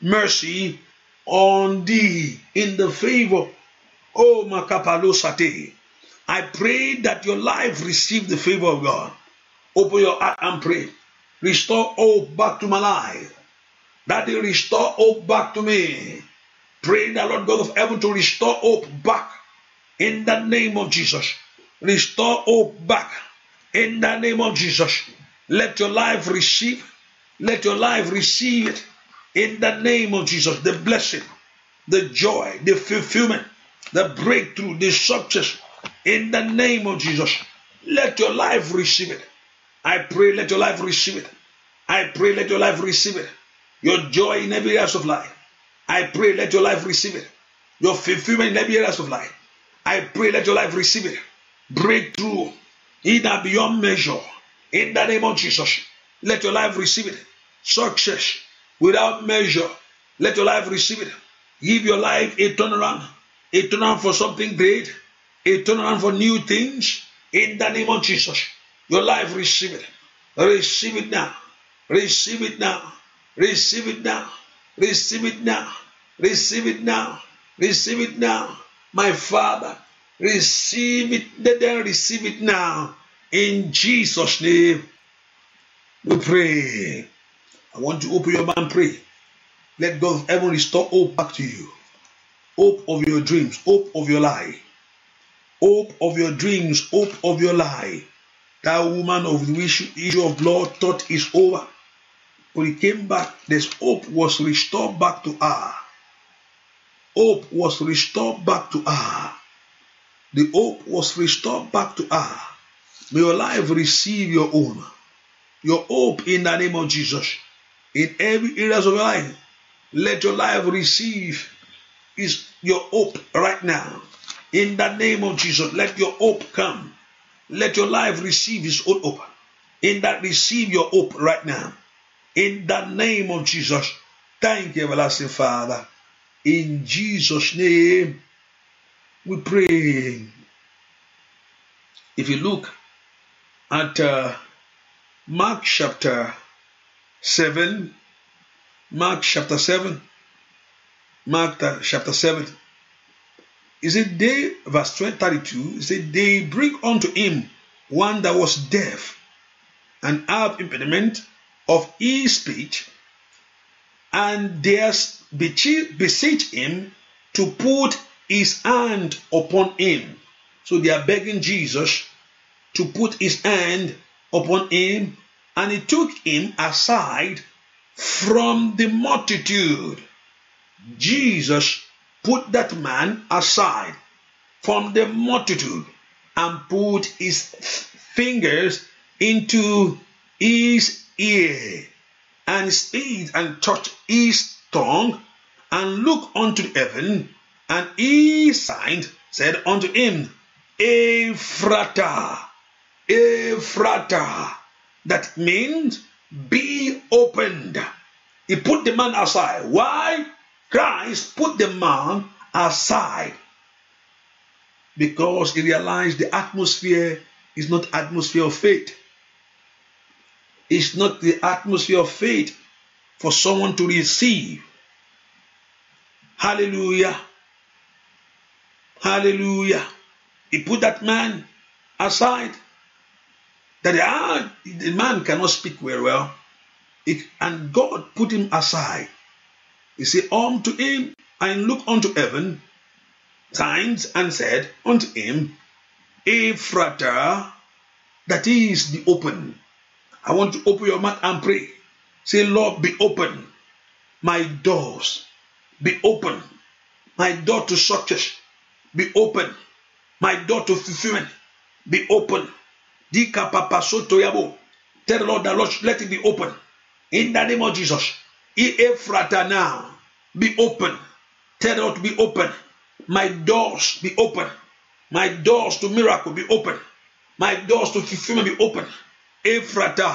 mercy on thee in the favor. Oh, Makapalosate. I pray that your life receive the favor of God. Open your heart and pray. Restore hope back to my life. That He restore hope back to me. Pray the Lord God of heaven to restore hope back in the name of Jesus. Restore hope back in the name of Jesus. Let your life receive. Let your life receive it in the name of Jesus. The blessing, the joy, the fulfillment, the breakthrough, the success in the name of Jesus. Let your life receive it. I pray, let your life receive it. I pray, let your life receive it. Your joy in every area of life. I pray, let your life receive it. Your fulfillment in every area of life. I pray, let your life receive it. Breakthrough, either beyond measure In the name of Jesus, let your life receive it. Success without measure. Let your life receive it. Give your life a turnaround. A turnaround for something great. A turnaround for new things. In the name of Jesus, your life receive it. Receive it now. Receive it now. Receive it now. Receive it now. Receive it now. Receive it now. My Father, receive it. Let them receive it now. In Jesus' name, we pray. I want you to open your mouth and pray. Let God of heaven restore hope back to you. Hope of your dreams, hope of your life. Hope of your dreams, hope of your life. That woman of the issue of blood thought is over. When he came back, this hope was restored back to her. Hope was restored back to her. The hope was restored back to her. May your life receive your own, your hope in the name of Jesus. In every areas of your life, let your life receive is your hope right now. In the name of Jesus, let your hope come. Let your life receive his own hope. In that, receive your hope right now. In the name of Jesus, thank you, everlasting Father. In Jesus' name, we pray. If you look at uh, Mark chapter 7. Mark chapter 7. Mark chapter 7. Is it they, verse 32? Is it they bring unto him one that was deaf and have impediment of his speech, and they beseech him to put his hand upon him. So they are begging Jesus to put his hand upon him, and he took him aside from the multitude. Jesus put that man aside from the multitude and put his fingers into his ear and stayed and touched his tongue and looked unto heaven and he signed said unto him Ephrata Ephrata, that means be opened. He put the man aside. Why? Christ put the man aside because he realized the atmosphere is not atmosphere of faith. It's not the atmosphere of faith for someone to receive. Hallelujah. Hallelujah. He put that man aside that ah, the man cannot speak very well. It, and God put him aside. He said, Unto him and look unto heaven, signs, and said unto him, Ephrata, that is the open. I want to open your mouth and pray. Say, Lord, be open. My doors be open. My door to success be open. My door to fulfillment be open Dika papa soto yabo. Tell Lord the Lord, let it be open. In the name of Jesus. Ephrata now. Be open. Tell Lord to be open. My doors be open. My doors to miracle be open. My doors to fulfillment be open. Ephrata.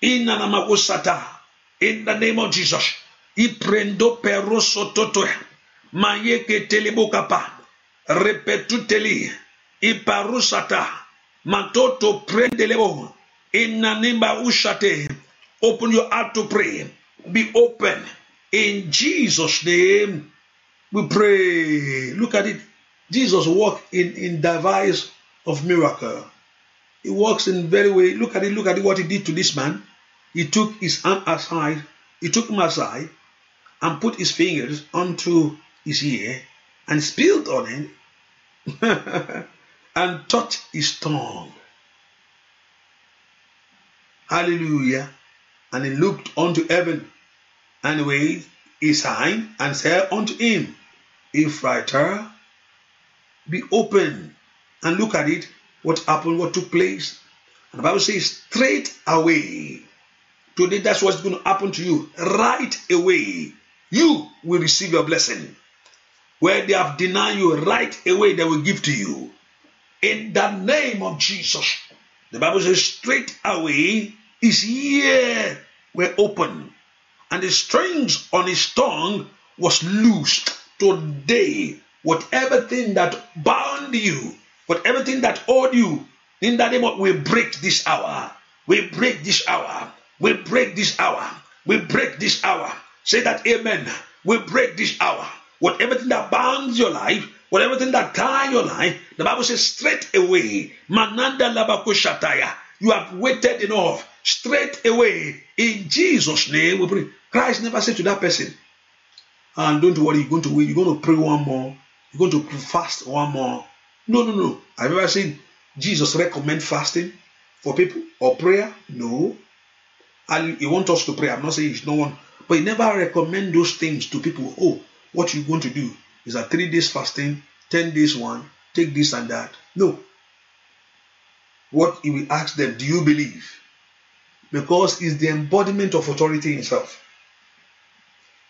In the name of Jesus. Iprendo perro sototo. Mayeke telebokapa. Repetuteli. Iparusata. Matoto prendelebo. In Nanimba Ushate. Open your heart to pray. Be open. In Jesus' name, we pray. Look at it. Jesus walked in, in device of miracle. He works in very way. Look at it. Look at it, what he did to this man. He took his arm aside. He took him aside and put his fingers onto his ear and spilled on him. and touch his tongue. Hallelujah. And he looked unto heaven and waved his hand and said unto him, Ephraiter, be open and look at it, what happened, what took place. And the Bible says, straight away. Today, that's what's going to happen to you. Right away, you will receive your blessing. Where they have denied you, right away, they will give to you in the name of Jesus. The Bible says, straight away his ear were open, and the strings on his tongue was loosed. Today, whatever thing that bound you, whatever thing that owed you, in the name of we break this hour. We break this hour. We break this hour. We break this hour. Say that amen. We break this hour. Whatever thing that bounds your life, with everything that tie your life. The Bible says, straight away, Mananda Labakushataya, you have waited enough. Straight away, in Jesus' name, we pray. Christ never said to that person, and ah, don't worry, you're going to wait, you're going to pray one more, you're going to fast one more. No, no, no. Have you ever seen Jesus recommend fasting for people or prayer? No. And he wants us to pray. I'm not saying he's no one, but he never recommend those things to people. Oh, what you going to do? Is that three days fasting, 10 days one, take this and that? No. What he will ask them, do you believe? Because it's the embodiment of authority itself.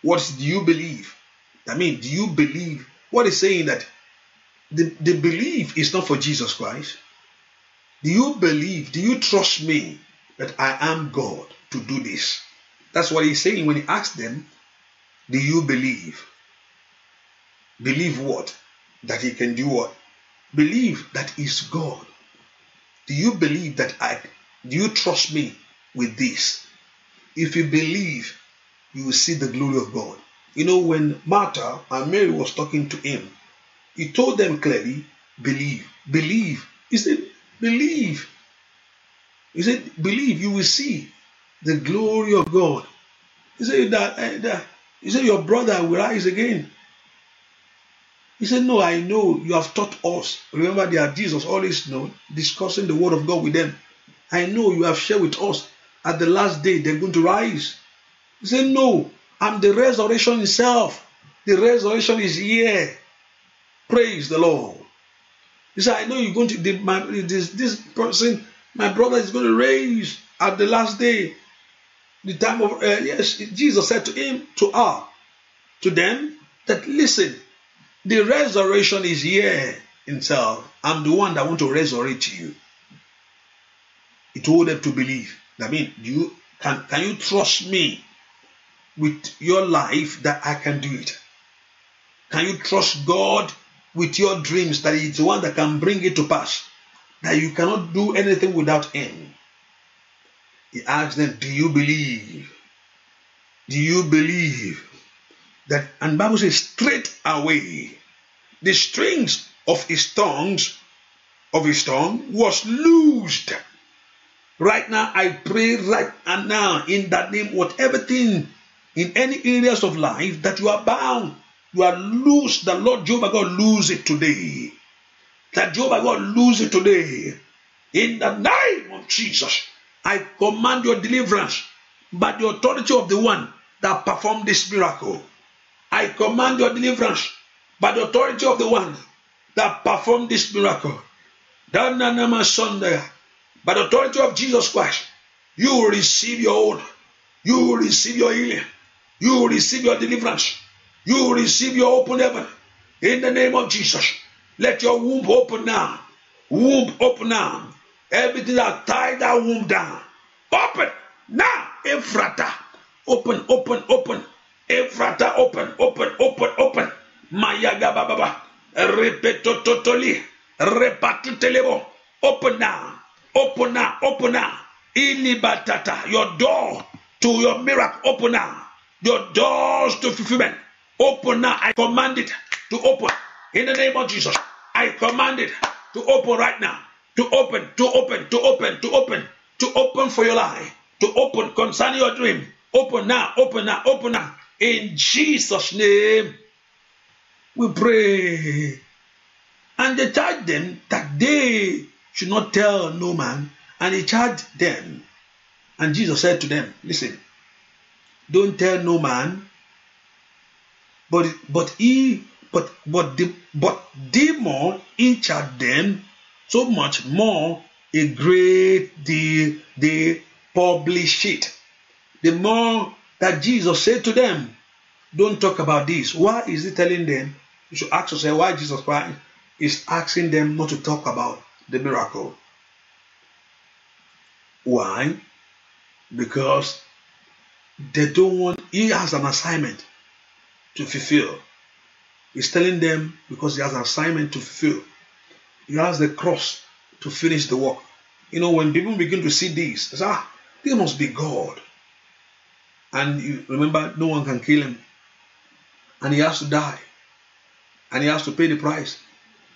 What do you believe? I mean, do you believe? What is saying that the, the belief is not for Jesus Christ. Do you believe? Do you trust me that I am God to do this? That's what he's saying when he asks them, Do you believe? Believe what? That He can do what? Believe that he's God. Do you believe that I, do you trust me with this? If you believe, you will see the glory of God. You know, when Martha and Mary was talking to him, he told them clearly, believe, believe. He said, believe. He said, believe, you will see the glory of God. He said that, eh, that he said, your brother will rise again. He said, No, I know you have taught us. Remember, there are Jesus always known, discussing the word of God with them. I know you have shared with us at the last day they're going to rise. He said, No, I'm the resurrection itself. The resurrection is here. Praise the Lord. He said, I know you're going to, the, my, this, this person, my brother is going to raise at the last day. The time of, uh, yes, Jesus said to him, to her, ah, to them, that listen, the resurrection is here itself. I'm the one that want to resurrect you. He told them to believe. I mean, you can can you trust me with your life that I can do it? Can you trust God with your dreams that it's the one that can bring it to pass? That you cannot do anything without Him. He asked them, Do you believe? Do you believe? that and Bible says straight away the strings of his tongues of his tongue was loosed. Right now, I pray right and now in that name, whatever thing in any areas of life that you are bound, you are loose. The Lord Jehovah God lose it today. That Jehovah God lose it today. In the name of Jesus, I command your deliverance by the authority of the one that performed this miracle. I command your deliverance by the authority of the one that performed this miracle. By the authority of Jesus Christ, you will receive your own. You will receive your healing. You will receive your deliverance. You will receive your open heaven. In the name of Jesus, let your womb open now. Womb open now. Everything that tied that womb down, open now. Ephrata, open, open, open. Evrata, open, open, open, open. Mayaga bababa. Repetototoli. Repatutelebo. Open now. Open now. Open now. Ilibatata. Your door to your miracle. Open now. Your doors to fulfillment. Open now. I command it to open. In the name of Jesus. I command it to open right now. To open, to open, to open, to open, to open for your life. To open concerning your dream. Open now, open now, open now. In Jesus' name, we pray. And they charged them that they should not tell no man. And he charged them. And Jesus said to them, Listen, don't tell no man. But but he but but the but the more he charged them, so much more a great deal they publish it. The more that Jesus said to them, Don't talk about this. Why is he telling them? You should ask yourself why Jesus Christ is asking them not to talk about the miracle. Why? Because they don't want, he has an assignment to fulfill. He's telling them because he has an assignment to fulfill. He has the cross to finish the work. You know, when people begin to see this, they say, ah, there must be God. And you, remember, no one can kill him. And he has to die. And he has to pay the price.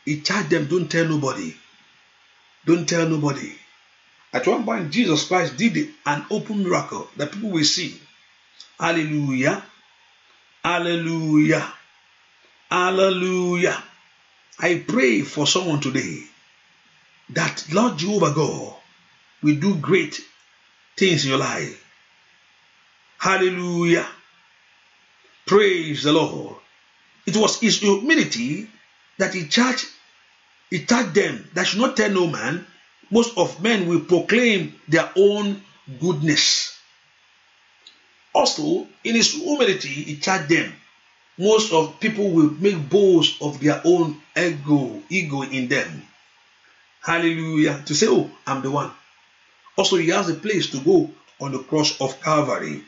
He charged them, don't tell nobody. Don't tell nobody. At one point, Jesus Christ did an open miracle that people will see. Hallelujah. Hallelujah. Hallelujah. I pray for someone today that Lord Jehovah God will do great things in your life. Hallelujah. Praise the Lord. It was his humility that he charged, he charged them that should not tell no man. Most of men will proclaim their own goodness. Also, in his humility, he charged them. Most of people will make boast of their own ego, ego in them. Hallelujah. To say, Oh, I'm the one. Also, he has a place to go on the cross of Calvary.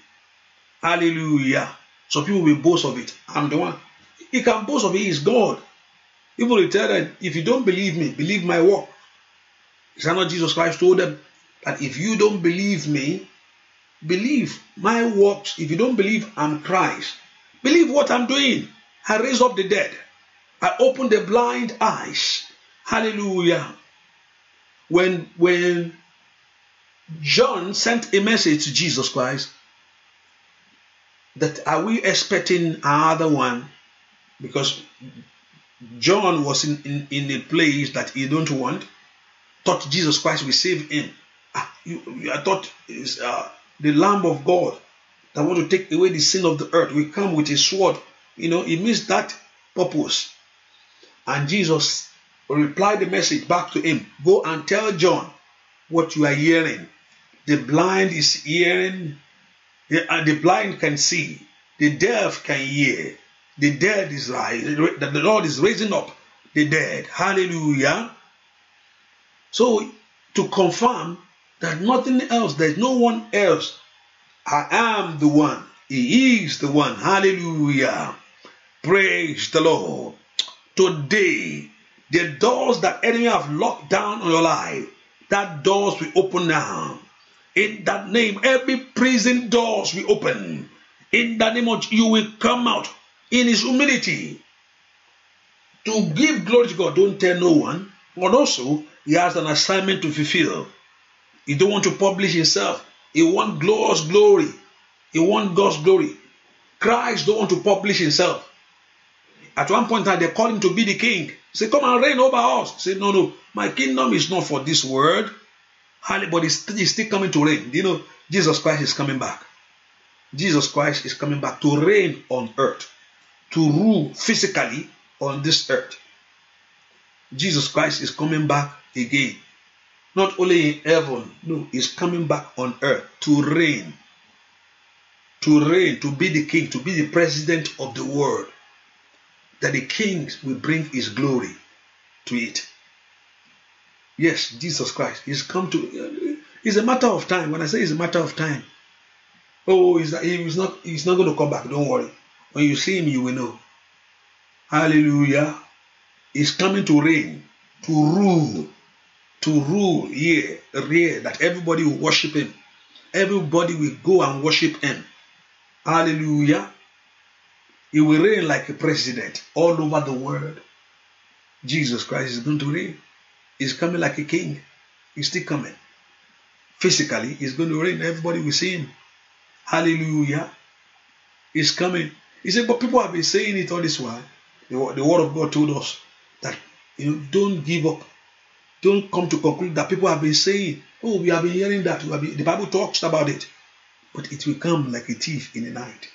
Hallelujah. Some people will boast of it. I'm the one. He can boast of it. He's God. He will tell them, if you don't believe me, believe my work. Is that not Jesus Christ told them that if you don't believe me, believe my works. If you don't believe I'm Christ, believe what I'm doing. I raise up the dead. I open the blind eyes. Hallelujah. When when John sent a message to Jesus Christ, that are we expecting another one? Because John was in, in, in a place that he don't want, thought Jesus Christ will save him. Ah, you, you, I thought is uh, the Lamb of God that want to take away the sin of the earth will come with a sword. You know, he missed that purpose. And Jesus replied the message back to him Go and tell John what you are hearing. The blind is hearing, the, uh, the blind can see, the deaf can hear, the dead is rising, the Lord is raising up the dead. Hallelujah. So, to confirm that nothing else, there's no one else. I am the one. He is the one. Hallelujah. Praise the Lord. Today, the doors that enemy have locked down on your life, that doors will open now. In that name, every prison doors will open. In that name, you will come out in His humility to give glory to God. Don't tell no one. But also, He has an assignment to fulfill. He don't want to publish Himself. He want God's glory. He want God's glory. Christ don't want to publish Himself. At one point, they call Him to be the King. Say, come and reign over us. Say, no, no, my kingdom is not for this world. But it's, still coming to reign. You know, Jesus Christ is coming back. Jesus Christ is coming back to reign on earth, to rule physically on this earth. Jesus Christ is coming back again. Not only in heaven, no, he's coming back on earth to reign. To reign, to be the king, to be the president of the world. That the king will bring his glory to it. Yes, Jesus Christ. He's come to. It's a matter of time. When I say it's a matter of time, oh, he's, he's not. He's not going to come back. Don't worry. When you see him, you will know. Hallelujah. He's coming to reign, to rule, to rule. Yeah, yeah. That everybody will worship him. Everybody will go and worship him. Hallelujah. He will reign like a president all over the world. Jesus Christ is going to reign. He's coming like a king. He's still coming. Physically, he's going to reign. Everybody will see him. Hallelujah. He's coming. He said, but people have been saying it all this while. The, the word of God told us that you know, don't give up. Don't come to conclude that people have been saying, oh, we have been hearing that. Been, the Bible talks about it. But it will come like a thief in the night.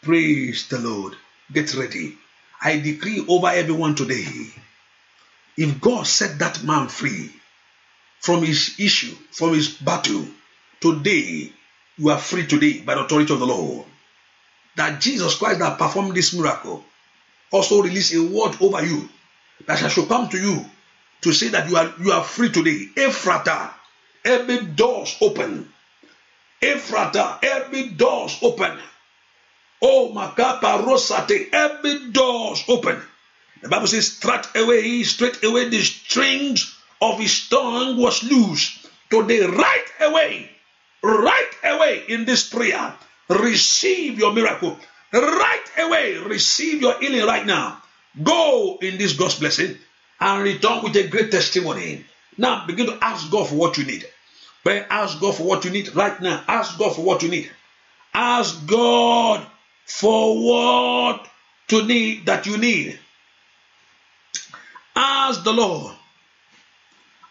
Praise the Lord. Get ready. I decree over everyone today if God set that man free from his issue, from his battle, today you are free today by the authority of the Lord. That Jesus Christ that performed this miracle also released a word over you that shall come to you to say that you are you are free today. Ephrata, every door's open. Ephrata, every door's open. Oh, Makapa Rosate, every door's open. The Bible says, straight away, straight away the strings of his tongue was loose. Today, right away, right away in this prayer, receive your miracle. Right away, receive your healing right now. Go in this God's blessing and return with a great testimony. Now begin to ask God for what you need. Pray, ask God for what you need right now. Ask God for what you need. Ask God for what to need that you need. Ask the Lord.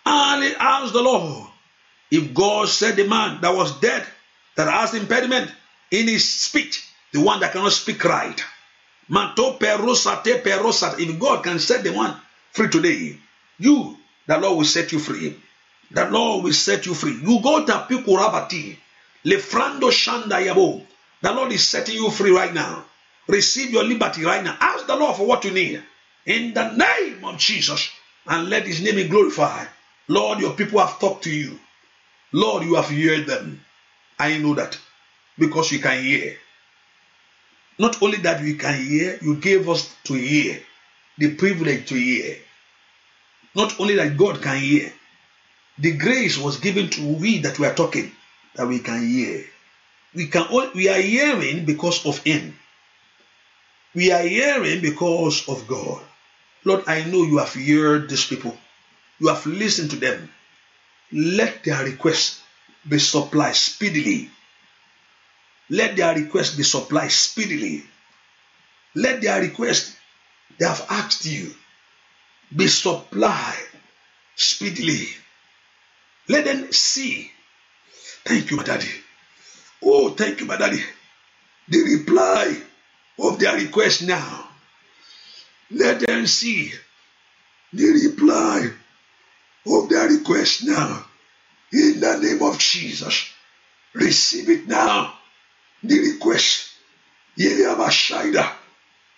Only ask the Lord. If God said the man that was dead, that has impediment in his speech, the one that cannot speak right. Manto perosate perosat. If God can set the one free today, you, the Lord will set you free. The Lord will set you free. You go to Pikurabati. Lefrando Shanda Yabo. The Lord is setting you free right now. Receive your liberty right now. Ask the Lord for what you need. in the name of Jesus and let his name be glorified. Lord, your people have talked to you. Lord, you have heard them. I know that because you can hear. Not only that we can hear, you gave us to hear, the privilege to hear. Not only that God can hear, the grace was given to we that we are talking, that we can hear. We can all, we are hearing because of Him. We are hearing because of God. Lord, I know you have heard these people. You have listened to them. Let their request be supplied speedily. Let their request be supplied speedily. Let their request they have asked you be supplied speedily. Let them see. Thank you, my daddy. Oh, thank you, my daddy. The reply of their request now Let them see the reply of their request now. In the name of Jesus, receive it now. The request. Yeliabashaida.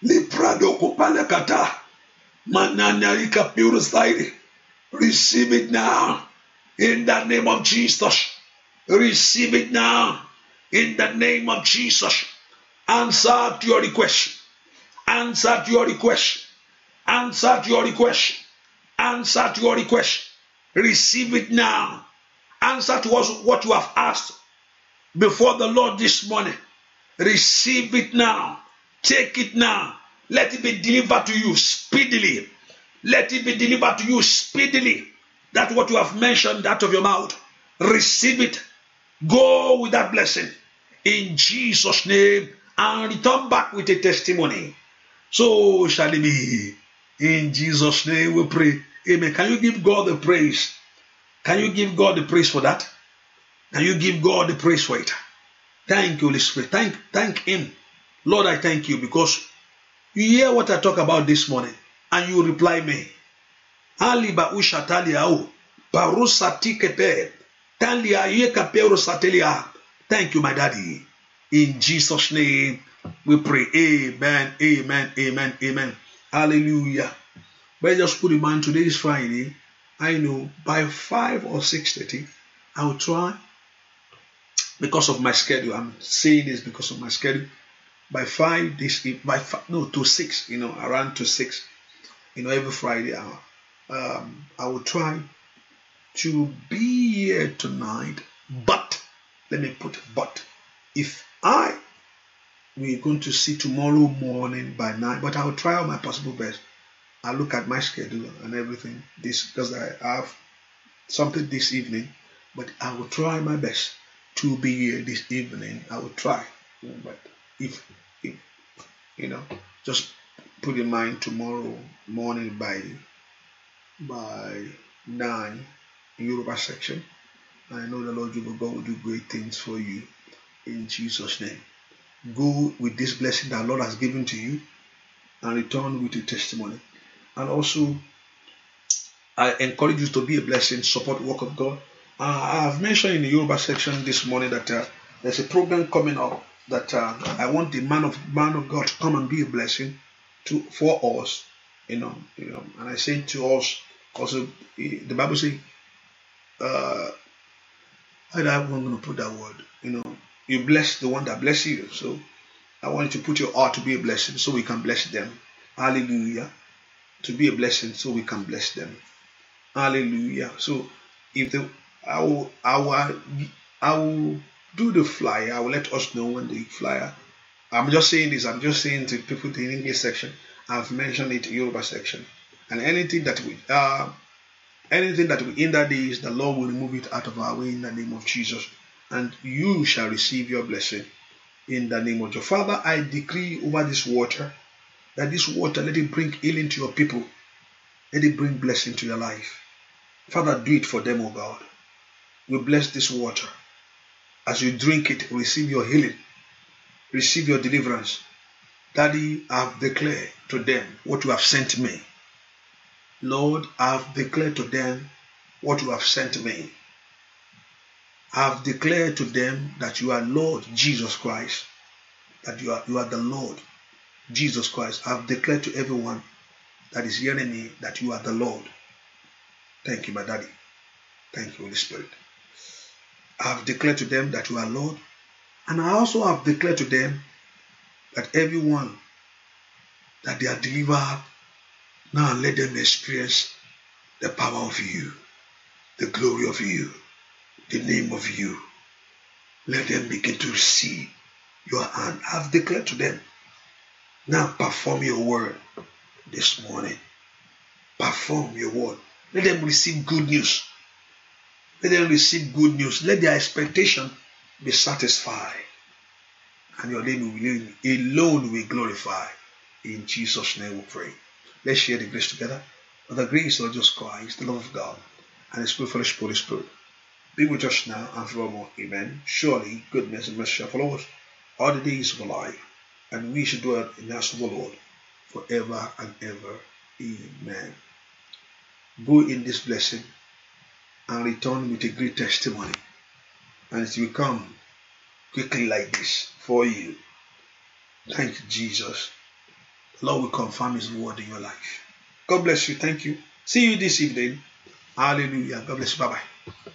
Liprado kupalekata. Mananarika purified. Receive it now. In the name of Jesus. Receive it now. In the name of Jesus. Answer to your request answered your request, answered your request, answered your request. Receive it now. Answer to us what you have asked before the Lord this morning. Receive it now. Take it now. Let it be delivered to you speedily. Let it be delivered to you speedily. That what you have mentioned out of your mouth. Receive it. Go with that blessing in Jesus' name and return back with a testimony. So shall it be. In Jesus' name we pray. Amen. Can you give God the praise? Can you give God the praise for that? Can you give God the praise for it? Thank you, Holy Spirit. Thank, thank Him. Lord, I thank you because you hear what I talk about this morning and you reply me. Ali ba Thank you, my daddy. In Jesus' name we pray, Amen, Amen, Amen, Amen. Hallelujah. But just put in mind today is Friday. I know by five or six thirty, I will try because of my schedule. I'm saying this because of my schedule. By five this by five, no to six, you know, around to six, you know, every Friday hour. Um, I will try to be here tonight, but let me put but if I we're going to see tomorrow morning by nine, but I'll try all my possible best. I'll look at my schedule and everything this because I have something this evening, but I will try my best to be here this evening. I will try, but if, if you know, just put in mind tomorrow morning by by nine Europa section. I know the Lord will God will do great things for you in Jesus' name. Go with this blessing that Lord has given to you and return with your testimony. And also, I encourage you to be a blessing, support work of God. Uh, I have mentioned in the Yoruba section this morning that uh, there's a program coming up that uh, I want the man of man of God to come and be a blessing to for us, you know, you know. And I say to us also, eh, the Bible says, uh, I don't know I'm going to put that word, you know. You bless the one that bless you. So I want you to put your heart to be a blessing so we can bless them. Hallelujah. To be a blessing so we can bless them. Hallelujah. So if the I will, I will, I will do the flyer. I will let us know when the flyer. I'm just saying this. I'm just saying to people in English section. I've mentioned it Yoruba section, and anything that we uh, anything that we hinder this, the Lord will remove it out of our way in the name of Jesus and you shall receive your blessing. In the name of your Father, I decree over this water that this water let it bring healing to your people, let it bring blessing to your life. Father, do it for them, O God. We bless this water. As you drink it, receive your healing, receive your deliverance. Daddy, I have declared to them what you have sent me. Lord, I have declared to them what you have sent me. I've declared to them that you are Lord Jesus Christ, that you are, you are the Lord Jesus Christ. I've declared to everyone that is hearing me that you are the Lord. Thank you, my daddy. Thank you, Holy Spirit. I've declared to them that you are Lord, and I also have declared to them that everyone that they are delivered, now let them experience the power of you, the glory of you the name of you. Let them begin to see your hand. I've declared to them. Now perform your word this morning. Perform your word. Let them receive good news. Let them receive good news. Let their expectation be satisfied. And your name will be alone we glorify. In Jesus' name we pray. Let's share the grace together. For the grace of Jesus Christ, the love of God, and the Spirit fellowship Holy Spirit we will just now answer forevermore. Amen. Surely goodness and mercy shall follow us all the days of our life, and we shall dwell in the house of the Lord forever and ever. Amen. Go in this blessing and return with a great testimony, and it will come quickly like this for you. Thank you, Jesus. The Lord will confirm His word in your life. God bless you. Thank you. See you this evening. Hallelujah. God bless you. Bye bye.